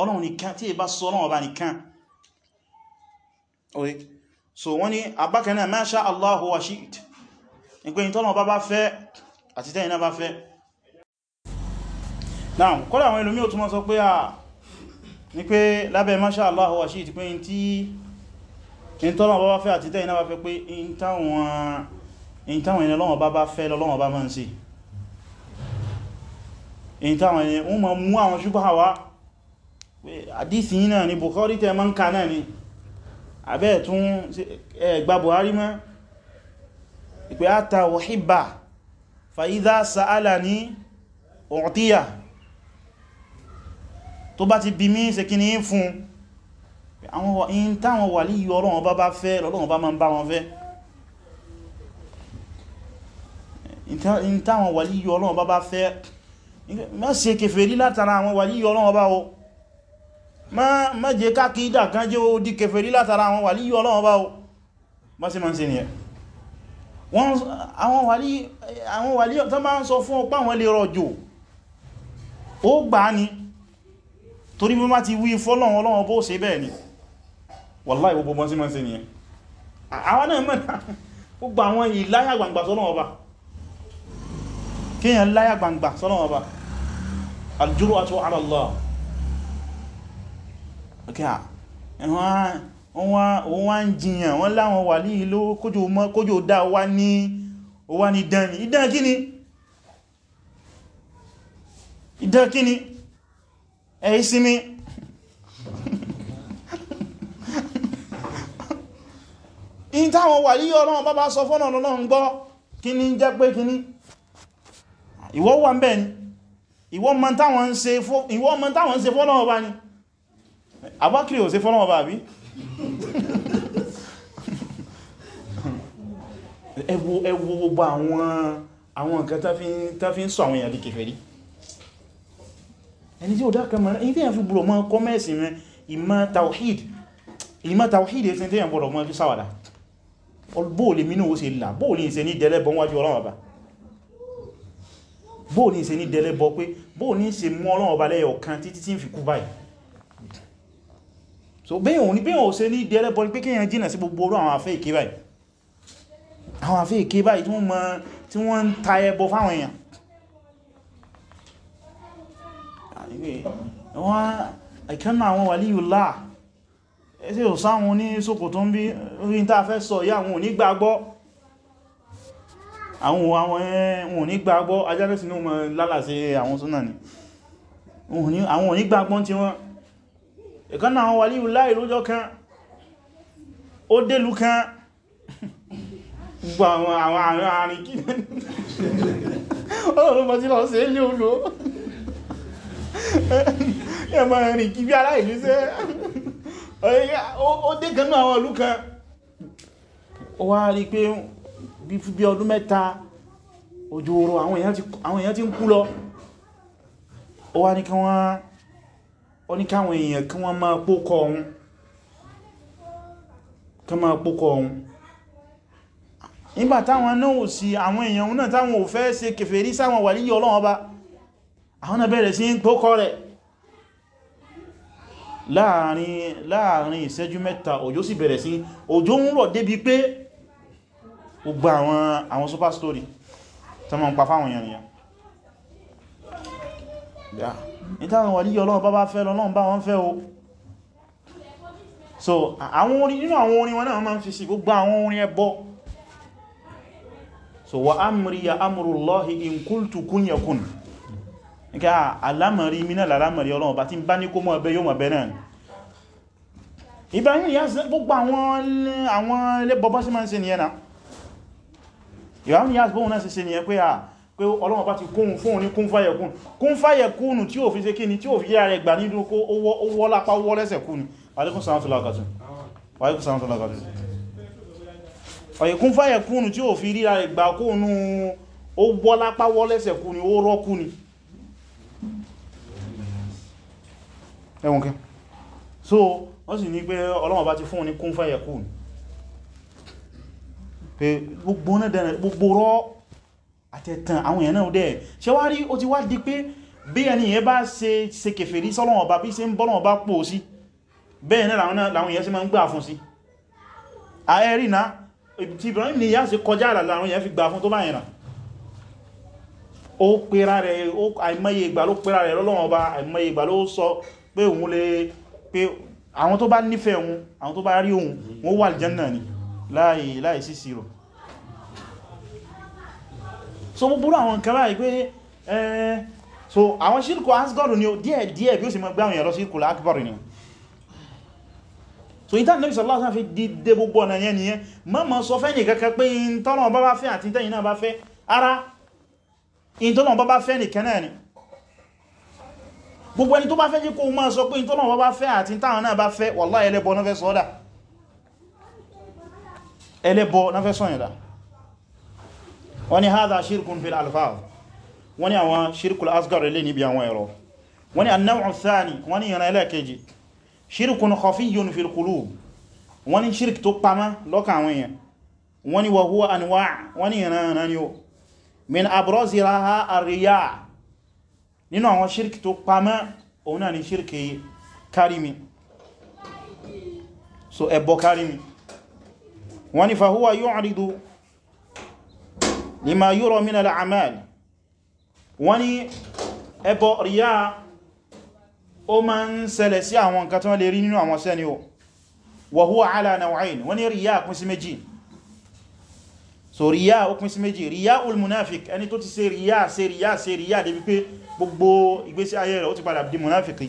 ọlọ́run nìkan tí ìbá sọ ọlọ́run ọba nìkan oye so wọ́n ni abákanáà ma sha Allahu wa shi'ta ní pé ìtọ́nà ọba bá fẹ́ àti tẹ́yìnà bá fẹ́ náà kọ́lá àwọn ẹlòmí ò túnmọ́ sọ pé à ní pé lábẹ́ ma sha Allahu wa shi'ta pé tí ìtọ́nà ọba bá fẹ́ àti tẹ́yìnà bá fẹ́ pé ìtàwọn ẹni lọ́wọ́ bá bá fẹ́ lọ́wọ́ bá máa ń ṣe ìtàwọn ẹni wọ́n ma mú àwọn ṣùgbọ́n àwá àdísì yìí náà ni Bukhari tẹ ma ń ka náà ni abẹ́ tún ẹgbà Buhari mọ́ ìpé àta wọ̀híbà fa'idha sa'ala ní ọ̀tíyà tó bá ti bí mí ṣe kí ní fún àwọn in táwọn wà ní yọ ọlọ́run bá bá fẹ́ lọ́lọ́run bá máa bá wọn fẹ́ in wà ní yọ ọlọ́run bá bá fẹ́ mẹ́ ma ma je ka ki da kan je o di kèfèrí látara àwọn wali yo Ọlọ́run ba o ma se man se ni e wọ́n àwọn wali àwọn wali tó ma sọ fún o pa wọ́n lè rojo o gbà ni torí bí ma ti wí fọ́lọ́run Ọlọ́run bó ṣe bẹ́ẹ̀ ni wallahi gbogbo bọ́n sí ma se ni e àwọn náà mẹ́ta gbogbo àwọn ìláyà gbangba sọ́lọ́run ọba kíyàn láyà gbangba sọ́lọ́run ọba aljuru àti ala Allah Ah. wọ́n wá ń jiyàn wọ́n láwọn wà ní ìlú kójò dá wá ní owá ní dán ní ìdán kíni ìdán kíni in *laughs* táwọn wà ní ọ̀rọ̀ bàbá sọ fọ́nà ọ̀nà ń gbọ́ kíní jẹ́ pé kíní ìwọ wà ń bẹ̀ ni ìwọ mọ́ táwọn ń ṣe fọ́nà ọba ni abákìrì ò sí fọ́nà ọba àbí ẹwọ ẹwọ gbogbo àwọn àwọn nǹkan tá fi ń sọ àwọn èèyàn di kèfèrí ẹni tí ó dákẹ́ mọ́ra èyí tí èyàn fi gbọ́dọ̀ mọ́ kọ́mẹ́sì mẹ́ ìmá tawhid ìmá tawhid èsìn tí èyàn gbọ́dọ̀ mọ́ fi sáwàdà bóòlì mínú ó sì là bóòlì ìṣẹ́ ní dẹ́lẹ́bọ wájú ọlọ́run ọba bóòlì ìṣẹ́ ní dẹ́lẹ́bọ pé bóòlì ìṣẹ́ mú ọlọ́run ọba lẹ́yọ̀ kan títí tí ń fi kú báyìí so bẹ́yàn òní bẹ́yàn ò se ní ìdí ẹlẹ́bọ ní pé kíyàn jìnà sí gbogbo orú àwọn àfẹ́ ìké báyìí àwọn àfẹ́ ìké báyìí tí wọ́n ń ta ẹbọ fáwọn èèyàn wọ́n àìkánà àwọn wàlíyùlá ẹsẹ́ ò sáwọn ní sókò tó ń bí orí ń tàfẹ́ sọ yá àwọn gbàgbọ́ àwọn ní ọmọ lálàsí àwọn súnà ni àwọn òní gbàgbọ́ tí wọ́n ìkan náà wà líwú láì lójọ́ kan ó délú kan gbogbo àwọn àwọn àárín kí ọlọ́run mọ́ tí lọ sí ilé olú ẹmọ ẹ̀rìn kí bí aláìlúṣẹ́ ó dé kan náà àwọn olú kan ó wá rí pé bí ọdún mẹ́ta òjò oòrùn àwọn èèyàn ti ń kú lọ ó wá ní kí wọ́n ó èèyàn kí wọ́n máa pókọ ohun kí máa pókọ ohun nígbà táwọn náà sí àwọn èèyàn náà táwọn ò fẹ́ ṣe kèfèrí sáwọn wàlí Ọlọ́run Ọba àwọn náà bẹ̀rẹ̀ sí ń pókọ rẹ̀ láàrin láàrin ìṣẹ́jú mẹ́ta òjò sì bẹ̀rẹ̀ sí òjò ń rọ̀ débi pé gbogbo àwọn àwọn super story tó mọ́ pa fáwọn èèyàn nìyàn ìtàwọn wàlí ọlọ́run bá bá fẹ́ lọ́lọ́run bá wọn fẹ́ o so àwọn orin nínú àwọn orin wọn náà máa ń fi sí gbogbo àwọn orin ẹbọ so wa amri ya amrullahi in kun yakun nke alamari mina lalamari ọlọ́run bá ti bá ní kó mọ́ ẹbẹ yóò mọ̀ bẹ náà Ibrahim ya gbogbo àwọn ẹlẹ́bọ̀bọ́ sí máa ń ṣe nìyẹn na Ibrahim ya gbogbo náà sí ṣe nìyẹn pé pé Ọlọ́run bá ti kún fún ní kún fáyẹ̀kún kún fáyẹ̀kún tí ó fi ṣe kí ni tí ó fi yára rẹ̀ gbà nínú kó owó lápá owó lẹ́sẹ̀ kún ni alékún sàmàtàlágàtún ọ̀yẹ̀ kún fáyẹ̀kún tí ó fi ríra rẹ̀ gbà kóònú owó lápá owó lẹ́sẹ̀ kún ni ó rọ́kún ni ẹwọ̀n kẹ́ so wọ́n sì ní pé Ọlọ́run bá ti fún ní kún fáyẹ̀kún pé gbogbo rọ́ àtẹ̀tàn àwọn èèyàn náà dẹ̀ ṣe wá rí ó ti wá di pé bí ẹni yẹn bá ṣe ṣe kèfèrí sọ́lọ́wọ̀n bá bí ṣe ń bọ́lọ̀ bá pò sí bẹ́ẹ̀ náà làwọn èèyàn ṣe máa ń gbà fún sí àẹ́rì náà tí Ibrahim ni yá ṣe kọjá àlà làwọn èèyàn fi gbà fún tó bá yẹn ó pèrà rẹ̀ àìmọye ìgbà ló pèrà rẹ̀ lọ́lọ́wọ́n bá àìmọye ìgbà ló sọ pé òun lè pé àwọn tó bá nífẹ̀ẹ́ òun àwọn tó bá rí òun wọ́n wà Janna ni láì láì sí sírò so mo búrú àwọn nǹkan báyìí pé ẹ́ so àwọn ṣírkù asgard ni ó díẹ̀ díẹ̀ bí ó sì mọ́ gbáwọn yẹ̀rọ ṣírkù akbar ni so ìtàn Nabi sallallahu alaihi wasallam fi dìde gbogbo ọ̀nà yẹn nìyẹn mọ́mọ́ sọ fẹ́ ní kankan pé in tọ́nà bá bá fẹ́ àti tẹ́yìn náà bá fẹ́ ara in tọ́nà bá bá fẹ́ nìkan náà ni gbogbo ẹni tó bá fẹ́ jí kó máa sọ pé in tọ́nà bá bá fẹ́ àti táwọn náà bá fẹ́ wallahi ẹlẹ́bọ náà fẹ́ sọ́ọ́dà wọ́n ni haza shirkun fil alfaz wọ́n ni àwọn shirkul asgar ilé níbi àwọn ẹ̀rọ wọ́n ni annáwọ̀n thani wọ́n ni yana ẹlẹ́kẹjì shirkun khafiyyun fil qulub wọ́n ni shirk tó pamá lọ́kàn àwọn èèyàn wọ́n ni wa huwa anwa' wọ́n ni yana yana ni o min abraziraha arriya nínú àwọn shirk tó pamá òun ni shirk karimi so ẹbọ karimi wọ́n ni fahuwa yu'ridu lima yúrọ mina al'amal wọ́n ní ẹbọ ríyá ó ma ń ṣẹlẹ̀ sí àwọn nǹkan tó lè rí nínú àwọn sẹ́ni o wa huwa ala naw'ain wọ́n ní ríyá pín sí méjì so ríyá ó pín sí méjì ríyá ulmunafik ẹni tó ti ṣe ríyá ṣe ríyá ṣe ríyá débi pé gbogbo ìgbésí ayé rẹ̀ ó ti padà di munafiki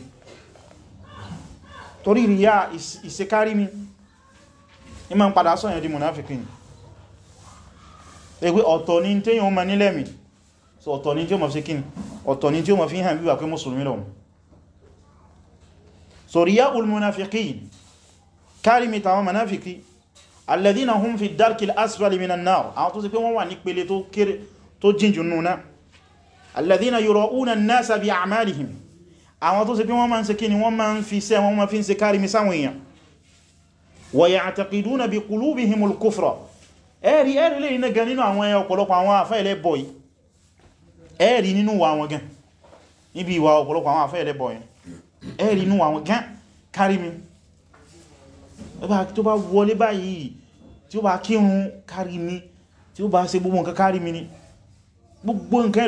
torí ríyá ìsekárí mi ìmọ̀ padà sọ́yàn di munafiki ni tó yí pé ọ̀tọ̀ ni tí yíò ma nílẹ̀ mi so ọ̀tọ̀ ni tí ó ma fi kíni ọ̀tọ̀ ni tí ó ma fi hàn bíbà pé mùsùlùmí lọ so riya'ul munafiqin kárí mi tàwọn munafiki alladhina hum fi darkil asfali minan nar àwọn tó sì pé wọ́n wà ní pele tó kéré wọ́n ma ń fi sẹ́ wọ́n fi ń ṣe kárí mi sáwọn èèyàn wa ya'taqiduna bi qulubihimul kufra ẹ̀rí ẹ̀rí lè iná gan nínú àwọn ọ̀pọ̀lọpọ̀ àwọn afẹ́ ẹlẹ́bọ̀ yìí ẹ̀rí nínú wa wọn gan níbi ìwà ọ̀pọ̀lọpọ̀ àwọn afẹ́ ẹlẹ́bọ̀ yìí ẹ̀rí nínú àwọn gan kárí mi tó bá wọlé báyìí tí ó bá kírun kárí mi tí ó bá ṣe gbogbo nǹkan kárí mi ni gbogbo nǹkan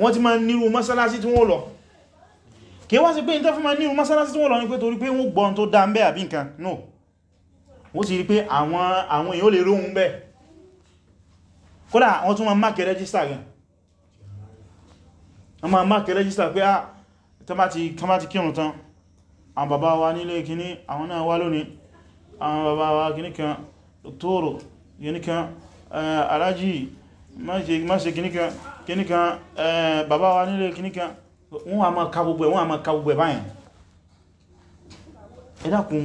wọ́n ti ma nírú mọ́sálásí tí wọ́n lọ kí wá sí pé ní tó fi ma nírú mọ́sálásí tí wọ́n lọ ní pé torí pé wọ́n gbọ́n tó dá ń bẹ́ àbí nǹkan no wọ́n sì rí pé àwọn àwọn èèyàn lè róhun bẹ́ kódà wọ́n tún ma máàkì rẹ́gísítà gan wọ́n ma máàkì rẹ́gísítà pé a ah, tọ́má ti kírun tán àwọn bàbá wa nílé kíní àwọn náà wá lónìí àwọn bàbá wa kíní kan tóòrò kíní kan eh, alájì má ṣe kíní kan kíníkan eh, bàbá wa nílé kíníkan wọ́n a máa ka gbogbo ẹ̀ wọ́n a máa ka gbogbo ẹ̀ báyìí ẹ̀dàkùn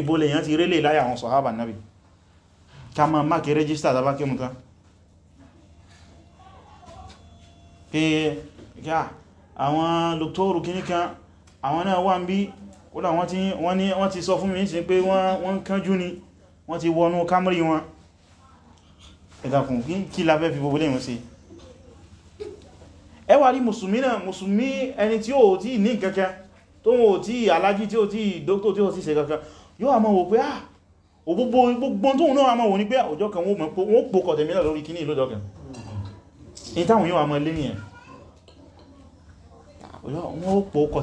ìbòlè èyàn ti rélè láyà àwọn sọ̀hábà náàbì ká máa máa kí rẹ́gísítà tàbákí mú tán pé yá àwọn lòtòrò kíníkan àwọn náà wà ń bí kódà wọ́n ti sọ fún mi sí pé wọ́n kánjú ni wọ́n ti wọnú kámírì wọn ẹ̀dàkùn kí la fi gbogbo lè wọ́n sí ẹwà rí musulmi náà musulmi ẹni tí ó ti ní kankan tó wọ́n tí alájí tí ó ti dókò tí ó ti ṣe kankan yóò àmọ́ wò pé ah gbogbo tó wọ́n náà àmọ́ wò ní pé ọjọ́ kan wọ́n pòkọ̀ tẹ̀mílẹ̀ lórí kíní ìlú dọ́kẹ̀ ní táwọn yóò àmọ́ lé nìyẹn wọ́n pòkọ̀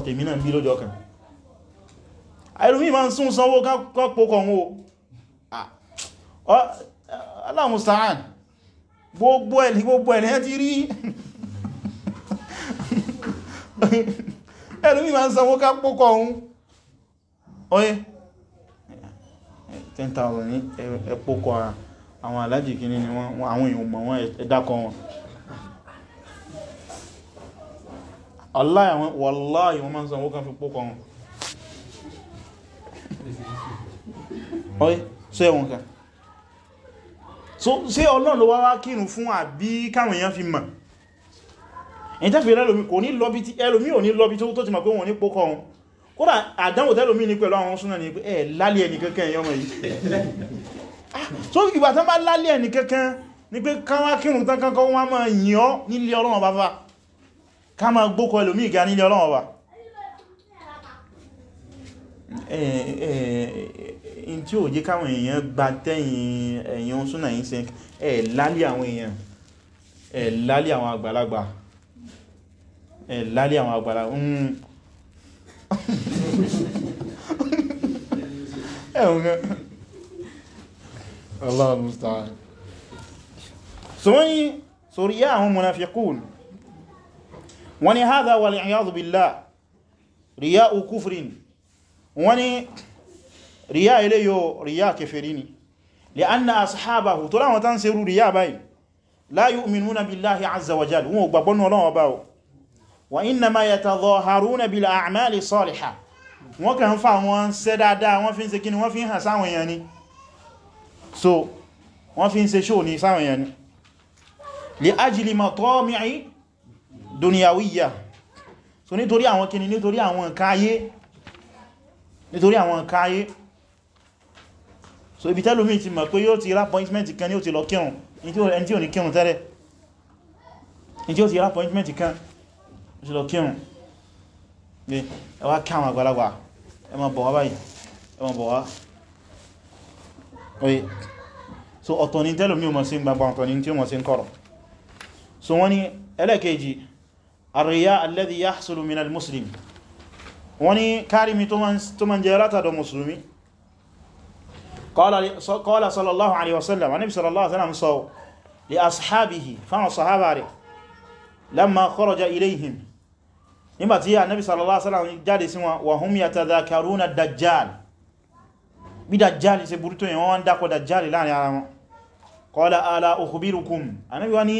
ah, ti rí *laughs* ẹlòmí ma ń sanwó ká pókọ̀ ohun oye 10,000 ní ẹpókọ̀ àwọn alájì kìíní ni wọ́n àwọn èèyàn mọ̀ wọ́n ẹ̀dàkọ̀ wọn wàláhì wọ́n ma ń sanwó ká fi pókọ̀ wọn oye so ẹ̀wọ̀n ká so ṣé Ọlọ́run ló wá wá kírun fún àbí káwọn èèyàn fi mọ̀ ẹni tẹ́fì ẹlòmí kò ní lọ́bí tí ẹlòmí ò ní lọ́bí tó ti mọ̀ pé wọ́n ní pókọ ohun kódà àdánwò tẹ́lòmí ní pẹ̀lú àwọn súnà ní pé ẹ̀ lálẹ́ ẹni kankan yìí ah, so ìgbà tán bá lálẹ́ ẹni kankan ní pé káwá kírun tán kankan wọ́n máa yìn ọ́ nílé ọlọ́run bàbá ká máa gbókọ ẹlòmí ìga nílé ọlọ́run bàbá in tí ò jẹ́ káwọn èèyàn gba tẹ́yìn ẹ̀yàn súnà yìí ẹ̀ lálẹ́ àwọn èèyàn ẹ̀ lálẹ́ àwọn àgbàlagbà ẹ̀ lálẹ́ àwọn àgbàlá ẹ̀hùn gan Allah musta'an so wọ́n yí sórí yá àwọn munafiqun wọ́n ni hadha wal iyadhu billah riya'u kufrin wọ́n ni ríyá ilé yóò ríyá kèfèrí ni li'anna ashabahu tó láwọn tán ṣe rú ríyá báyìí la yu'minuna billahi azza wa jalla wọn gbàgbọ́nà Ọlọ́run ọba wa innama yatadhaharuna bil a'mali salihah wọ́n kàn fà wọ́n ṣe dáadáa wọ́n fi ń ṣe kíni wọ́n fi ń hàn sáwọn èèyàn ni so wọ́n fi ń ṣe ṣó ní sáwọn èèyàn ni li ajli matami'i dunyawiyya so nítorí àwọn kíni nítorí àwọn káyé nítorí àwọn káyé so ibi tẹ́lómi ti mọ̀ pé yóò ti rá appointment kan ní ó ti lọ kírun ṣe lọ kírùn pé ẹ wá kí àwọn àgbàlagbà ẹ má bọ̀ wá báyìí ẹ má bọ̀ wá oye so ọ̀tọ̀ ni tẹ́lò mí o mọ̀ sí gbogbo ọ̀tọ̀ ni tí o mọ̀ sí kọ̀rọ̀ so wọ́n ni ẹlẹ́kẹ̀ẹ́jì àríyá alladhi yahsulu min al-muslim wọ́n ni kárí mi tó ma ń jẹ látàdọ̀ musulmi qala sallallahu alaihi nígbàtí Ànábì sallallahu alaihi wasallam jáde sí wọn wa hum yatadhakaruna dajjal bí dajjal ṣe burú tó yẹn wọ́n dákọ̀ dajjal láàrin ara wọn qala ala ukhbirukum Ànábì wá ní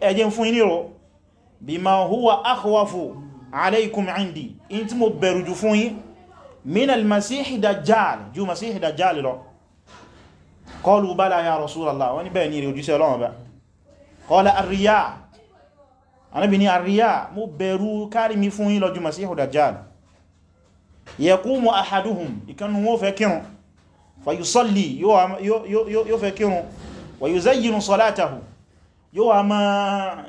ẹjẹ́ fún inírò bima huwa akhwafu alaykum indi in tí mo bẹ̀rù jù fún yín min al anábi ni àríyà mo bẹ̀rù kárí mi fún yín lọ́jú Masihu Dajjal yaqumu ahaduhum ìkanu wọ́n fẹ́ kírun fa yusalli yóò fẹ́ kírun wa yuzayyinu salatahu yóò wá ma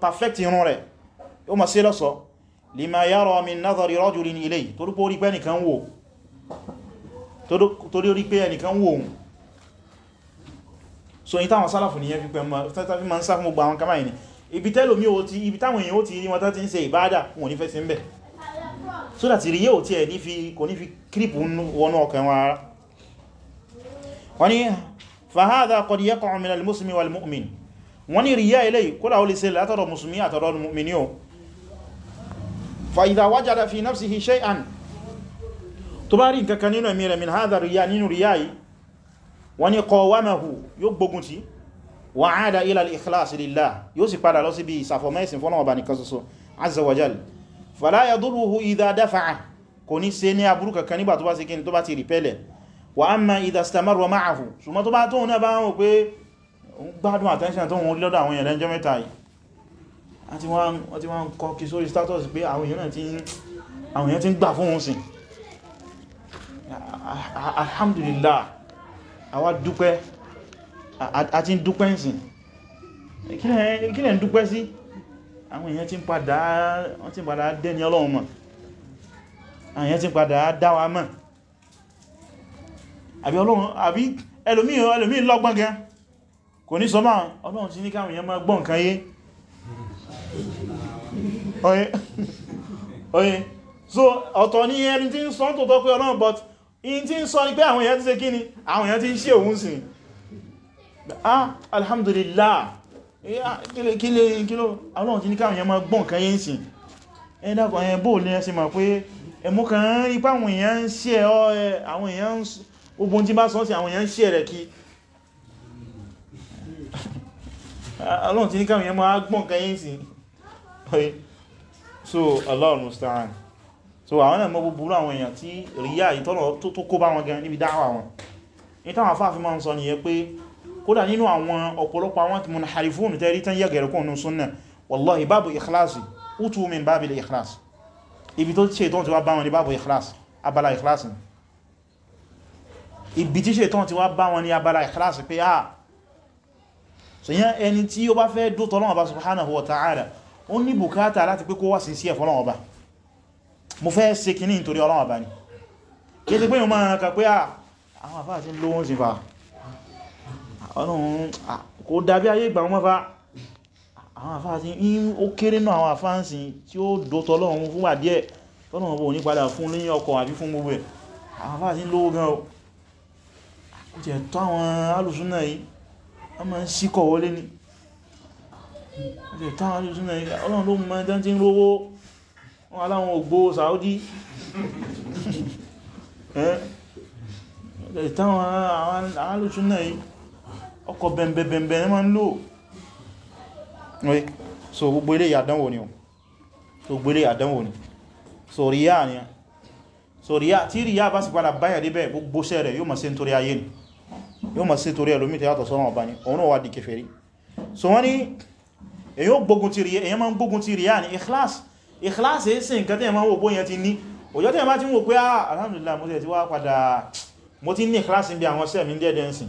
perfect irun rẹ̀ yóò ma ṣe lọ́sọ lima yara min nadhari rajulin ilayhi torí pé orí pé ẹnìkan wò torí orí pé ẹnìkan wò ohun so yí táwọn ibi tẹ́lòmí o ti ibi táwọn èèyàn ó ti rí wọn tán ti ń ṣe ìbádà wọn ní fẹ́ sí ń bẹ̀ so that rí yóò tí ẹ̀ ní fi kò ní fi kírípù wọnú ọkàn wọn ara wọ́n ni fahadha qad yaqa'u lè ṣe wa aada ila al-ikhlas lillah yóò sì padà lọ sí bí ìsàfọ̀mẹ́sìn fọ́nà ọba nìkan ṣoṣo azza wa jal fala yadurruhu idha dafa'a kò ní ṣe ní aburú kankan nígbà tó bá ṣe kíni tó bá ti rìpẹ́lẹ̀ wa amma idha stamarra ma'ahu ṣùgbọ́n tó bá tóun náà bá ń wò pé gbádùn attention tó ń alhamdulillah àwa dúpẹ́ àti dúpẹ́ sí kílẹ̀ ń dúpẹ́ sí àwọn èèyàn ti ń padà dẹni ọlọ́run mọ̀ àwọn èèyàn ti ń padà dáwà mọ̀ àbí ọlọ́run àbí ẹlòmí ẹlòmí lọ́gbọ́n gan kò ní sọmọ́ ọlọ́run ti ní káwọn èèyàn máa gbọ́ nǹkan yé oye oye so ọ̀tọ̀ ní ẹni tí ń sọ tó tọ́ pé ọlọ́run but in tí ń sọ ni pé àwọn èèyàn ti ṣe kíni àwọn èèyàn ti ń ṣe òun sìn ah alhamdulillah kílé kílò àwọn òjì ní káwọn èèyàn ma gbọ́n kan yẹn sí ẹ̀dàkọ̀ ẹ̀yẹn bóò ní ẹsẹ̀ ma pé ẹmú kan ipá àwọn èèyàn ń ṣe ọ́ àwọn èèyàn ogun tí bá sọ́ sí àwọn èèyàn ń ṣe rẹ̀ kí àwọn ah, òjì ní káwọn èèyàn ma gbọ́n kan yẹn sí so Allahu musta'an so àwọn náà mọ́ búburú àwọn èèyàn tí ríyà ìtọ́nà tó kó bá wọn gan níbi dáwà wọn ìtàwọn afáàfin ma ń sọ nìyẹn pé kódà nínú àwọn ọ̀pọ̀lọpọ̀ àwọn munharifun tẹ́rí tán yẹ gẹ̀rẹ̀ kóònù súnnà wallahi báàbù ikhlasi utu min báàbù ikhlasi ibi tó ṣètọ́n ti wá bá wọn ní báàbù ikhlasi abala ikhlasi ibi tí ṣètọ́n ti wá bá wọn ní abala ikhlasi pé ah sèyàn ẹni tí ó bá fẹ́ dótọ́ lọ́wọ́ bá subhanahu wa ta'ala ó ní bùkátà láti pé kó wá sí sí ẹ̀fọ́ lọ́wọ́ bá mo fẹ́ ṣe kìíní nítorí ọlọ́wọ́ bá ni kí ti pé mo máa kà pé ah, àwọn àfáà ti lówó ń sì ọlọ́run kò dàbí ayé ìgbà wọn fa àwọn àfáà ti ó kéré náà àwọn àfáà tí ó dótọ́ lọ́run fún wà díẹ̀ tọ́nà ọbọ̀ onípadà fún ní ọkọ̀ àbí fún gbogbo ẹ̀ àwọn àwọn alùsúnà yìí yìí *laughs* ọkọ̀ bẹ̀m̀bẹ̀m̀bẹ̀ ní máa ń lò wọ́n so gbogbo ilé àdánwò ni so gbogbo ilé àdánwò ni so ríyà ni so ríyà tí ríyà bá sì padà báyà débẹ̀ gbogbo ṣẹ́ rẹ̀ yóò mọ̀ sí nítorí ayé ni yóò mọ̀ sí torí ẹlòmí tó yàtọ̀ sọ́nà ọba ni òun náà wà di kèfèrí so wọ́n ni èyàn gbógun ti ríyà èyàn máa ń gbógun ti ríyà ni ikhlas ikhlas èé sí nǹkan tí èyàn máa ń wò bóyàn ti ní òjò tí èyàn bá ti ń wò pé ah, alhamdulillah mo ti wá padà mo ti ní ikhlas bí àwọn sẹ́mi dẹ́dẹ́ ń sìn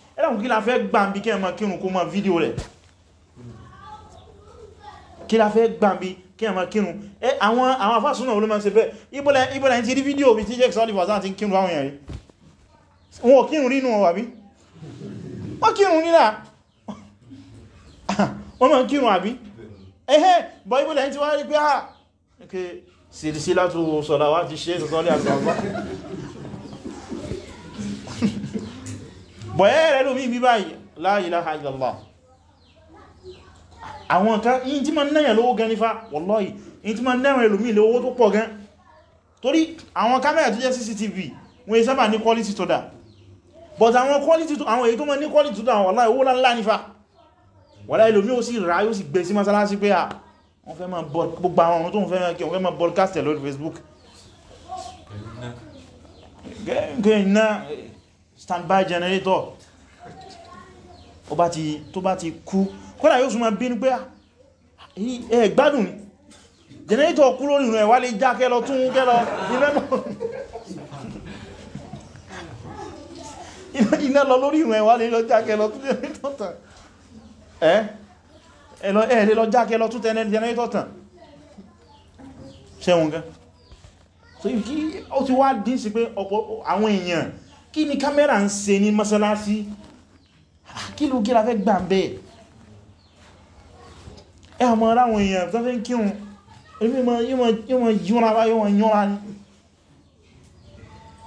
ẹ̀rọ kí la fẹ́ gbàmbí kí ẹmọ kírùn kó mọ fídíò rẹ̀ kí la fẹ́ gbàmbí kí ẹmọ kírùn àwọn àwọn afásúnà olómọ ṣe bẹ́ ibọ́lẹ̀ ti rí fídíò bí tí jẹ́ sọ́lífà sáà ti ń kírùn àwọn èèyàn wọn ò kírùn nínú wọn àbí wọ́n kírùn nílà *laughs* wọ́n mọ̀ kírùn àbí ẹ̀hẹ́ bọ́ ibọ́lẹ̀ ti wá rí pé ah bọ̀ ẹ̀rẹ̀ lómi bí báyìí la ilaha illallah àwọn nǹkan yìí tí ma náyà lówó gan nífà wallahi yìí tí ma náyà lómi lówó tó pọ̀ gan torí àwọn kámẹ́rà tó jẹ́ CCTV wọ́n yí sábà ní quality tó dà but àwọn quality tó àwọn èyí tó ma ní quality tó dà standby generator tó bá ti kú kódà yóò súnmọ́ bí ní pé ah, ẹ gbádùn generator kú lórí rẹ̀ wá lè já kẹ́lọ tún kẹ́lọ iná lọ lórí rẹ̀ wá lè lọ já kẹ́lọ tún generator tàn ẹ lè lọ já kẹ́lọ tún tẹ́lẹ̀ generator tàn ṣẹ́wọ̀n gan so ó ti wá dín sí pé àwọn èèyàn kí ni kámẹ́rà ń ṣe ní mọ́sálásí ah, kí ló gíra fẹ́ gbà bẹ́ẹ̀ ẹ ọmọ ráwọn èèyàn tó fẹ́ kírun yíò yíwọ́n ara yíò yíwọ́n ni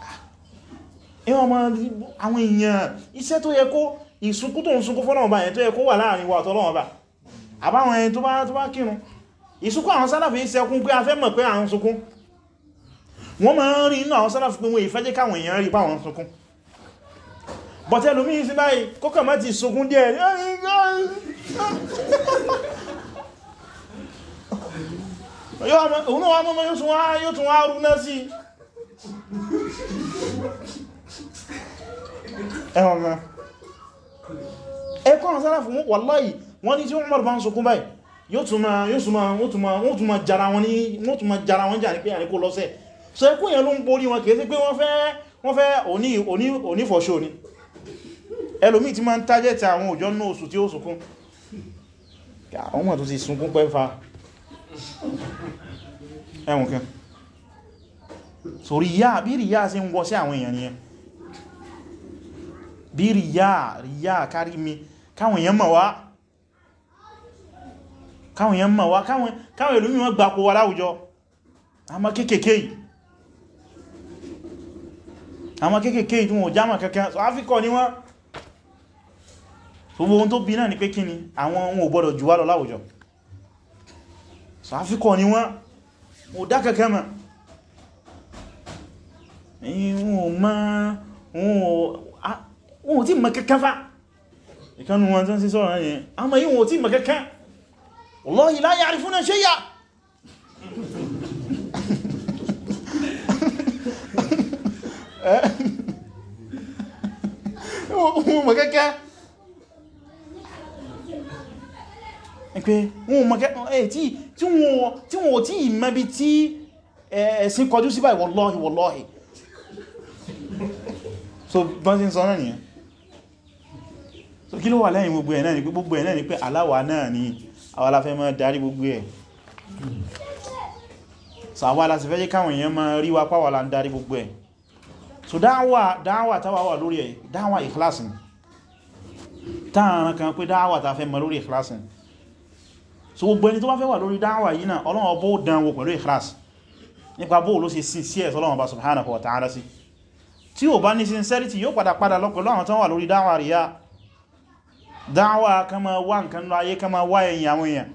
ah, ẹwọ́n ma àwọn èèyàn iṣẹ́ tó yẹ kó ìsunkú tó ń sunkú fọ́nà ọba yẹn tó yẹ kó wà láàrin wa tọ́lọ́wọ́ ọba àbáwọn ẹni tó bá kírun ìsunkú àwọn wọ́n máa ń rí inú àwọn sálàfù pé wọ́n ìfẹ́jẹ́ káwọn èèyàn rí páwọn sunkún but ẹlòmí sí báyìí kókà má ti sunkún díẹ̀ òun náà wọ́n mọ́ yóò tún wá rú náà sí ẹwọ̀n mẹ́ ẹkọ́ àwọn sálàfù wàláhì wọ́n ní tí Umar bá ń sunkún báyìí yóò tún máa jara wọn jà ní pé àríkò lọ́sẹ̀ẹ́ so ẹkún yẹn ló ń borí wọn kìí sí pé wọ́n fẹ́ wọ́n fẹ́ onífọ̀ṣọ́ ni ẹlòmí ti máa ń tájẹ́tì àwọn òjò náà oṣù tí ó sunkún àwọn ọmọ tó ti sunkún pẹ́ fa ẹwùn kan so ríyà bí ríyà sí ń wọ́ sí àwọn èèyàn nìyẹn bí ríyà ríyà kárí mi káwọn èèyàn mọ̀ wá káwọn èèyàn mọ̀ wá káwọn ẹlòmí wọ́n gbapò wà láwùjọ àmọ́ kéèkéé yìí àwọn kéèkéé ìdún wọn jámà kankan so áfíkọ́ ni wọ́n so gbogbo tó bí náà ni pé kíni àwọn ohun ò gbọ́dọ̀ jù wá lọ láwùjọ so áfíkọ́ ni wọ́n ò dá kankan mọ̀ wọn ò tí mọ̀ kankan fá ìkanu wọn tó ń sí sọ́rọ̀ náà yẹn àmọ́ yíò mọ̀ kankan wọ́n mọ̀ kẹ́kẹ́ pé wọ́n mọ̀ kẹ́kẹ́ tí wọ́n tí ìmẹ́bí tí eh, ẹ̀sìn kọjú sí báyìí wallahi wallahi so bọ́nsí sọ náà nìyàn so kí ló wà lẹ́yìn gbogbo ẹ̀ náà ni pé gbogbo ẹ̀ náà ni pé aláwà náà ni àwa la fẹ́ máa darí gbogbo ẹ̀ so àwa la sì fẹ́ jẹ́ káwọn èèyàn máa ríwa pàwà la ń darí gbogbo ẹ̀ so dáwà dáwà tàwà wà lórí ẹ̀ dáwà ìkìláàsì táàrán kan pé dáwà tàà fẹ́ mọ̀ lórí ìkìláàsì so gbogbo ẹni tó bá fẹ́ wà lórí dáwà yìí náà Ọlọ́run ọbọ̀ dánwò pẹ̀lú ìkìláàsì nípa bóò ló ṣe sí sí ẹ̀ sọ́lọ́run bá subhanahu wa ta'ala sí kama wá nǹkan kama wá ẹ̀yìn àwọn èèyàn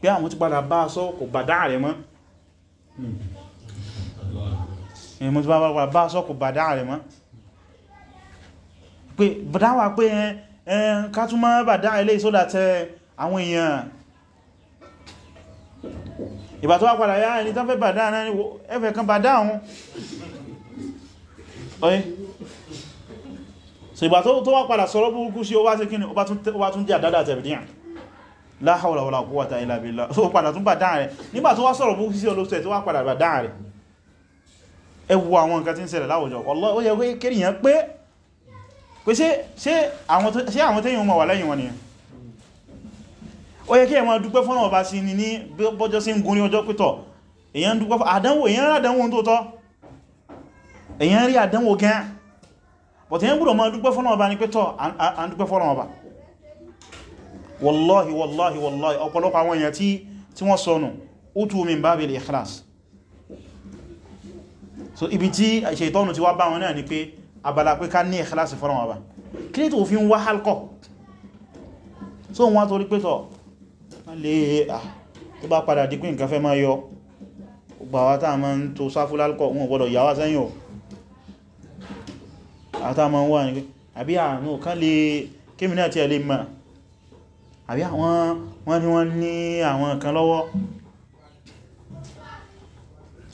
pé àwọn ti padà bá mo ti bá bá sọ́kù bàdá rẹ̀ mọ́ pé bàdá wà pé ẹn ká tún máa bàdá ilé ìsódà tẹ àwọn èèyàn ìbà tó wà padà yá ẹni tán fẹ́ bàdá náà ẹfẹ́ kan bàdá àwọn ọyí so ìgbà tó wá padà sọ̀rọ̀ burúkú sí ó wá ṣe kíni ó bá tún jẹ́ àdádà tẹ̀bìdíyàn la hawla wala quwwata illa billah so padà tún bàdá rẹ̀ nígbà tó wá sọ̀rọ̀ burúkú sí olóòtẹ̀ tó wá padà bàdá rẹ̀ ẹ wo àwọn nǹkan tí ń ṣẹlẹ̀ láwùjọ wallahi ó yẹ kí èyàn pé pé ṣé àwọn tẹ́yìn ọmọ wà lẹ́yìn wọn nìyàn ó yẹ kí ẹ máa dúpẹ́ fọ́nà ọba sí ni ní bọ́jọ́ sí ń gún ní ọjọ́ pítọ̀ èyàn dúpẹ́ àdánwò èyàn rí àdánwò tó tọ́ èyàn rí àdánwò gan but èyàn gbọ́dọ̀ máa dúpẹ́ fọ́nà ọba ní pítọ̀ à ń dúpẹ́ fọ́nà ọba wallahi wallahi wallahi so ibi tí ṣaitọ́nù ti wá bá wọn náà ni pé abala pé ká ní ìkìláàsì fọ́nà wà bá kí ní tó fi ń wá halkọ̀ so wọ́n torí pé tọ́ lè à tó bá padà dípé nǹkan fẹ́ máa yọ gbàwà tá ma ń tó sáfúlá halkọ̀ wọn gbọ́dọ̀ yàwá sẹ́yìn o àtà ma ń wà ní pé àbí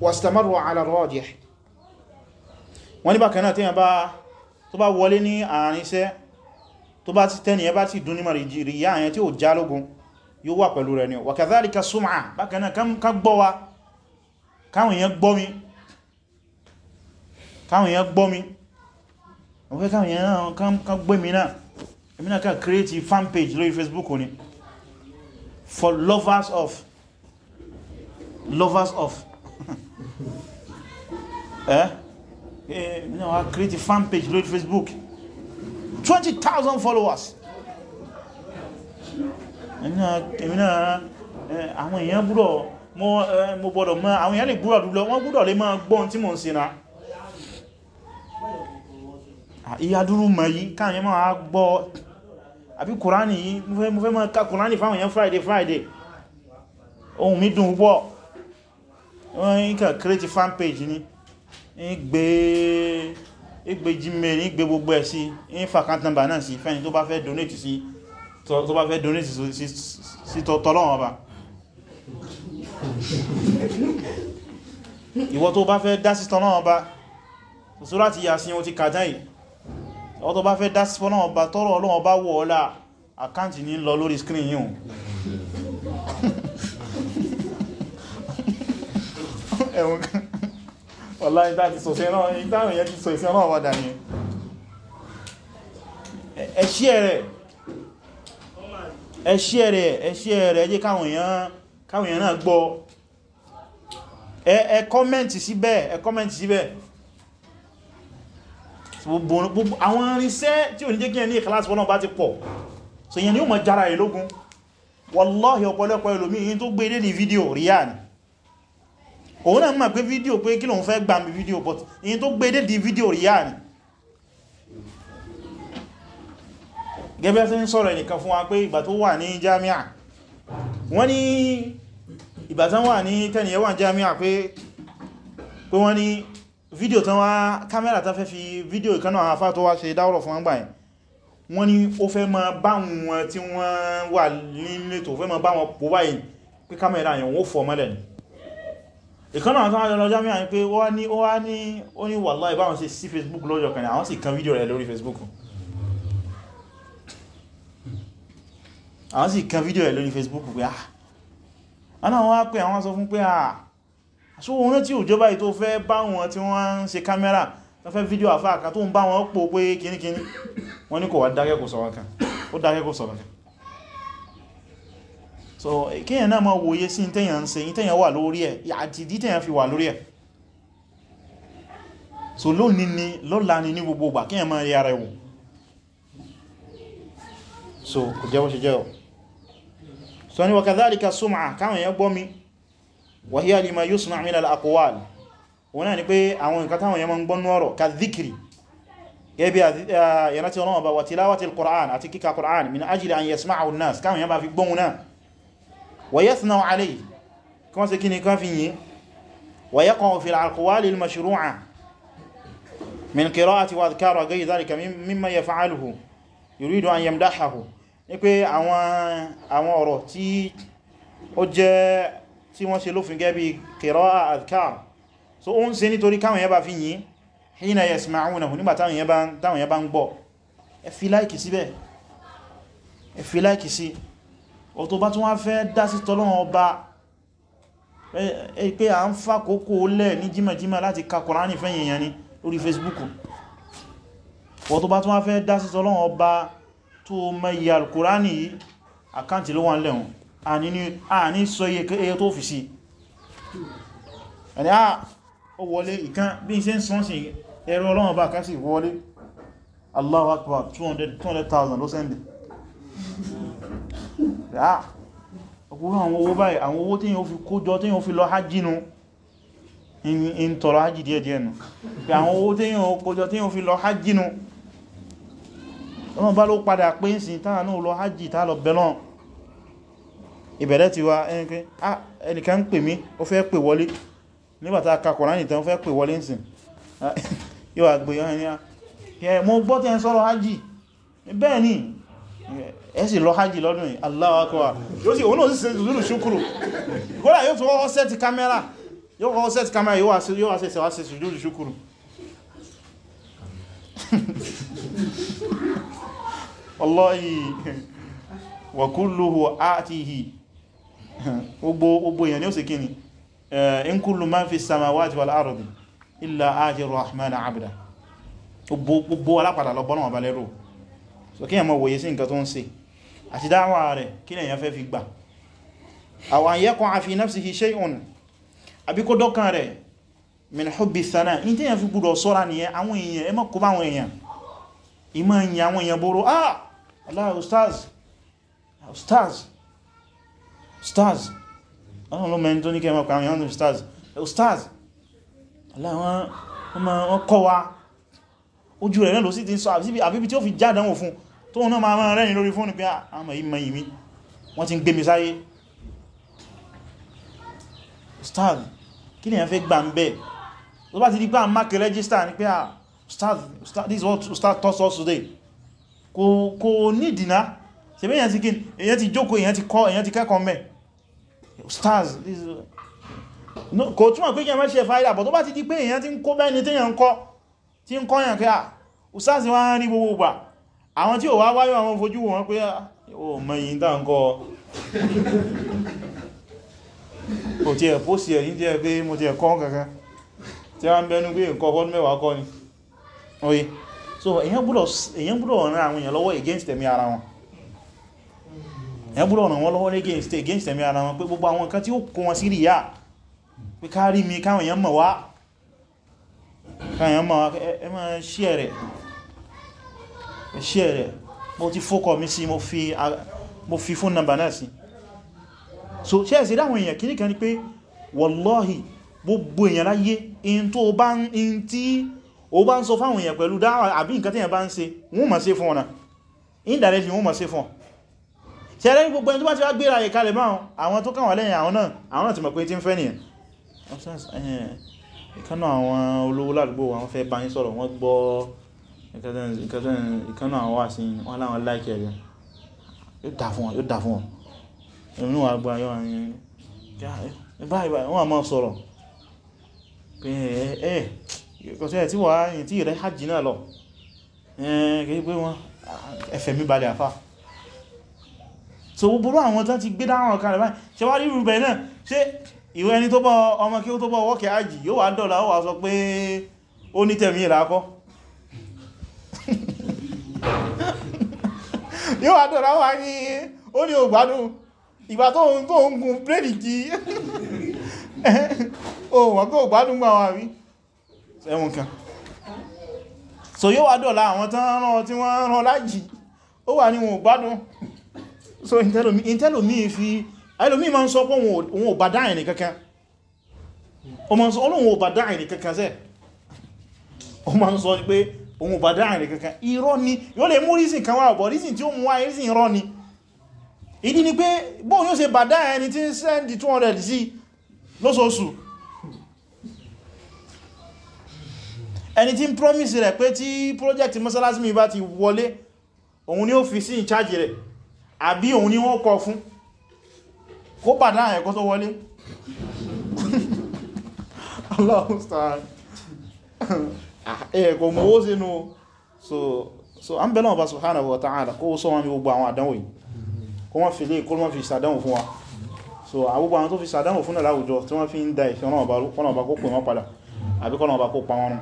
wàstàmàrù ala rajih wọ́n ní bákanáà tí tó bá wọlé ní àárín iṣẹ́ tó bá ti tẹ́ni ẹbá ti dún nímọ̀ ríyà àyẹn tí ó já lógún yóò wà pẹ̀lú rẹ̀ ni wa kadhalika sum'a bákanáà ká gbọ́ wa káwọn èèyàn gbọ́ mi káwọn èèyàn gbọ́ mi ọ̀fẹ́ káwọn for lovers of lovers of *laughs* ẹ́ ní wọ́n create a fan page lórí Facebook 20,000 followers èmi náà eh, àwọn èèyàn gbúdọ̀ eh, mo gbọ́dọ̀ mọ́ àwọn èèyàn lè gbúdọ̀ dúdọ wọ́n gbúdọ̀ lè máa gbọ́n tí mo ń ṣe náà ah, ìyàdúrú mọ̀ yìí káàyẹ máa gbọ́ àbí kùránì yìí mo fẹ́ máa ká kùránì fáwọn èèyàn Friday Friday ohun mi dùn púpọ̀ wọ́n kà create fan page ní ìgbé gmail ìgbé gbogbo ẹ̀ sí in fa account number náà sí fẹ́ni tó bá fẹ́ donate sí tó bá fẹ́ donate sí tọ́lọ́wọ́n ọba ìwọ tó bá fẹ́ dá sí tọ́lọ́wọ́n ọba sọ láti yà sí wọn ti kàjá yìí ìwọ tó bá fẹ́ dá sí tọ́lọ́wọ́n ọba tọ́rọ ọlọ́wọ́n ọba wọ́ ọlá àkáǹtì ní lọ lórí screen yìí *laughs* ẹ̀wọ̀n kan ọ̀lá ìdá ti sọ ìdáhùn yẹn ti sọ ìsìn ọlọ́wọ́ wádà ní ẹ̀ṣí ẹ̀rẹ̀ ẹ̀ṣí ẹ̀rẹ̀ ẹ̀ṣí ẹ̀rẹ̀ ẹjẹ́ káwọn èèyàn náà gbọ́ ẹ kọ́mẹ́ntì síbẹ̀ ẹ kọ́mẹ́ntì síbẹ̀ àwọn irinṣẹ́ tí ò ní jẹ́ kí ẹ ní ìkìláàsì wọ́n bá ti pọ̀ so yẹn ni ó mọ̀ jára ìlógún wallahi ọ̀pọ̀lọpọ̀ ẹlòmí yìí tó gbé dé ní fídíò ríyà ni òun náà mọ̀ pé fídíò pé kí lòun fẹ́ gbà mí fídíò but in tó gbé dé di fídíò rí yáà ni gẹ́gẹ́ tí ń sọ̀rọ̀ ẹnìkan fún wa pé ìgbà tó wà ní jamia wọ́n ní ìgbà tán wà ní tẹ́niyẹ wà ní jamia pé pé wọ́n ní fídíò tán wá kámẹ́rà tán fẹ́ fi fídíò ìkanáà afá tó wá ṣe dáwọ́rọ̀ fún àgbà yẹn wọ́n ní ó fẹ́ ma bá wọn tí wọ́n fọ́ mọ́lẹ̀ ni ìkànnà àwọn àwọn ọlọ́jọ́ mìíràn pé wọ́n ní ó wá ní ó ní wàláhì báwọn ṣe sí facebook lọ́jọ́ kan àwọn sì kan fídíò rẹ̀ lórí facebook àwọn sì kan fídíò rẹ̀ lórí facebook pé ah aláwọn wá pé àwọn sọ fún pé ah so orin tí òjọba yìí tó fẹ́ bá wọn tí wọ́n ń ṣe kámẹ́rà tó fẹ́ fídíò àfáàkà tó ń bá wọn pò pé kíníkíní wọ́n ní kò wá dákẹ́ kò sọ̀rọ̀ kan ó dákẹ́ kò sọ̀rọ̀ kan so kíyàn náà ma wòye sí ìtẹ́yàn se ìtẹ́yàn wà lórí ẹ̀ àti ìdítẹ́yàn fi wà lórí ẹ̀ so lónìí ni lọ́la ni ní gbogbo ìgbà kíyàn máa rí ara ẹ̀wò so kò jẹ́ ṣe jẹ́ so ni wakadhalika sum'a káwọn èèyàn gbọ́ mi wa hiya lima yusma' min al-aqwal wọn náà ni pé àwọn nǹkan táwọn èèyàn máa ń gbọ́ nú ọ̀rọ̀ ka dhikri gẹ́bí ìrántí ọlọ́wọ́ bá wa ويثنوا عليه كما سكيني كان فيه ويقع في الأقوال المشروعة من قراءة وأذكار وغير ذلك مما يفعله يريد أن يمدحه nípé àwọn ọ̀rọ̀ tí ó jẹ́ tí wọ́n ṣe lófin gẹ́bí qira'a adhkar so ó ń ṣe nítorí káwọn yẹn bá fi yìn hina yasma'unahu nígbà táwọn yẹn bá ń gbọ́ ẹ fi láìkì síbẹ̀ ẹ fi láìkì sí ọ̀tọ̀ bá tún wá fẹ́ dá sí tọ́lọ́run ọba pé à ń fà kókó lẹ̀ ní jímọ̀jímọ̀ láti ka Kùránì fẹ́yìn èèyàn ni lórí Facebook ọ̀tọ̀ bá tún wá fẹ́ dá sí tọ́lọ́run ọba tó mẹ́yà Kùránì yìí àkáǹtì ló wà ń lẹ̀hùn àní sọ iye tó fi sí ẹni à ó wọlé ìkan bí i ṣe ń sọ́nsì ẹ̀rọ ọlọ́run ọba kan sì wọlé Allahu Akbar 200,000 ló sẹ́ndì ráà ọkùnrin àwọn owó báyìí àwọn owó tí yíò fi kójọ tí yíò fi lọ hajji nù in tọrọ hajji díẹ̀ díẹ̀ nù pé àwọn owó tí yíò kójọ tí yíò fi lọ hajji nù ọmọ bá ló padà pé ń sin táà náà lọ hajji táà lọ bẹ̀lọ́n ìbẹ̀rẹ̀ ti wá ah, ẹnìkan ń pè mí ó fẹ́ pè wọlé nígbàtà ka Kùránì tán ó fẹ́ pè wọlé *laughs* ah, ń sin yíò àgbè yọ́ ẹni ẹ̀sì lọ hajji lọ́dún yìí Allahu akbar yóò sì òun náà sì ṣe zùzúrù ṣúkúrù kódà yóò tún wọ́n sẹ́ẹ̀tì kámẹ́rà yóò wọ́n sẹ́ẹ̀tì kámẹ́rà yóò wá sẹ́ẹ̀sẹ̀ wá sẹ́ẹ̀sẹ̀ zùzúrù ṣúkúrù wallahi wa kulluhu atihi gbogbo èèyàn ni ó sì kí ni in kullu so kí ẹmọ wòye sí nǹkan tó ń ṣe àti dáwà rẹ̀ kí lè yàn fẹ́ fi gbà àwọn ayẹ́kùn àfi nafsihi shay'un àbí kó dọ́kàn rẹ̀ min hubbi sana tí yàn fi gbúdọ̀ sọ́ra ah Allah ustaz ah, ustaz ustaz ọlọ́run ló mẹ́rin tó ní ustaz eh, ustaz Allah wọ́n kọ́ wa ojú rẹ̀ náà ló sì ti ń sọ àbíbí tí ó fi jádánwò fún tó náà ma máa rẹ́yìn lórí fóònù pé àmà yí mọ̀ yìí wọ́n ti ń gbé mi sáyé ustaz kí ni ẹ̀ fẹ́ gbà ń bẹ́ tó bá ti di pé à mark register ni pé à ah, ustaz this is what ustaz toss us today kò ní ìdìná ṣe bí èyàn ti kí èyàn ti jókòó èyàn ti kọ́ èyàn ti kẹ́kọ̀ọ́ mẹ́ ustaz kò túnmọ̀ pé kí ẹmẹ́ ṣe fáìlà bọ̀ tó bá ti di pé èyàn ti ń kó bẹ́ni tí èyàn ń kọ́ tí ń kọ́ yàn kí à ustaz wá àwọn tí ó wá wáyé àwọn fojú wọn pé ah, o mẹ́yìn dáńkọ́ kò tí ẹ̀ pósì ẹ̀ níjẹ́ pé mo ti ẹ̀kọ́ kankan tí a ń bẹnu pé nǹkan ọgọ́dún mẹ́wàá kọ́ ni oye so èyàn gbọ́dọ̀ ràn àwọn èyàn lọ́wọ́ against ẹ̀mí ara wọn pé gbogbo àwọn nǹkan tí ó kó wọn sí ríyà pé kárí mi káwọn èyàn mọ̀ wá káwọn èyàn mọ̀ wá ẹ ẹ̀ṣẹ́ rẹ̀ mo ti fókọ mi sí mo fi fún nàmbà náà sí so ṣe ẹ̀sẹ̀ dáwọn èèyàn kìí kan ní pé wallahi gbogbo èèyàn láyé in tó bá ń tí ó bá ń sọ fáwọn èèyàn pẹ̀lú dáwà àbí nǹkan tí èèyàn bá ń ṣe wọ́n máa ṣe fún ọ̀nà indirectly wọ́n máa ṣe fún ṣe ẹ̀rẹ́ gbogbo ẹni tó bá ti wá gbéra ẹ̀ kalẹ̀ máa àwọn tó kàn wá lẹ́yìn àwọn náà ìkánà àwọn wà sí wọ́n láwọn láìkẹ̀ rẹ̀ yóò dà fún wọn yóò dà fún wọn ẹ̀mí wà gbá yọ́ àwọn wọ́n máa sọ̀rọ̀ pé ẹ̀ kọ̀sẹ̀ tí wà ní tí rẹ̀ hajji náà lọ kìí pé wọ́n ẹfẹ̀ balẹ̀ àfá so gbogbo àwọn tán ti gbé dáwọn kalẹ̀ báyìí ṣe wá rí rúbẹ̀ náà ṣe ìwé ẹni tó bọ́ ọmọ kí ó tó bọ́ wọ́kẹ̀ hajji yóò wá dọ̀lá yóò wá dọ̀rọ̀ wá ní ó ní ògbádùn ìgbà tó ń tó ń gun pléèdì kí *laughs* ohun wọ́n kó ògbádùn gbà wá rí ẹ̀wọ̀n kan so yóò wá dọ̀lá àwọn tán rán tí wọ́n rán lájì ó wà ní wọn ògbádùn so intelomi fi ẹlòmí ma ń sọ pé òun ò bá dáyìn o ma ń sọ olóhun ò bá dáyìn ní kankan o ma ń ohun bàdá àrẹ kankan irọ́ ni yóò lè mú reason kan wà bọ̀ reason tí ó mú wá reason irọ́ ni ìdí ni pé bóò ní ó ṣe bàdá ẹni tí ń send 200 sí lóṣooṣù ẹni tí ń promise rẹ̀ pé tí project mọ́sálásí mi bá ti wọlé òun ni ó fi sí ìchájì rẹ̀ àbí òun ni wọ́n kọ fún kó bàdá àrẹ kó tó wọlé *laughs* Allahu musta'an ẹ̀kọ̀ eh, mọ́wó sínú so an bẹ̀lọ́n ọba subhanahu wa ta'ala kó sọ wọn mi gbogbo àwọn àdánwò yìí kó wọ́n fi lè kó wọ́n fi sàdánwò fún wa so àgbogbo àwọn tó fi sàdánwò fún láwùjọ tí wọ́n fi ń da ìfẹ́ ọ̀nà ọba kó pè wọn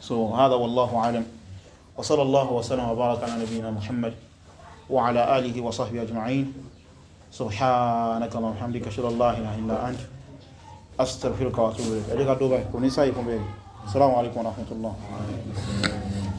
so hada wallahu alam wa sallallahu wa sallam wa baraka ala nabiyyina muhammad wa ala alihi wa sahbihi ajma'in subhanaka allahumma hamdika shalla la ilaha illa anta astaghfiruka wa atubu salamu alaikum wa rahmatullah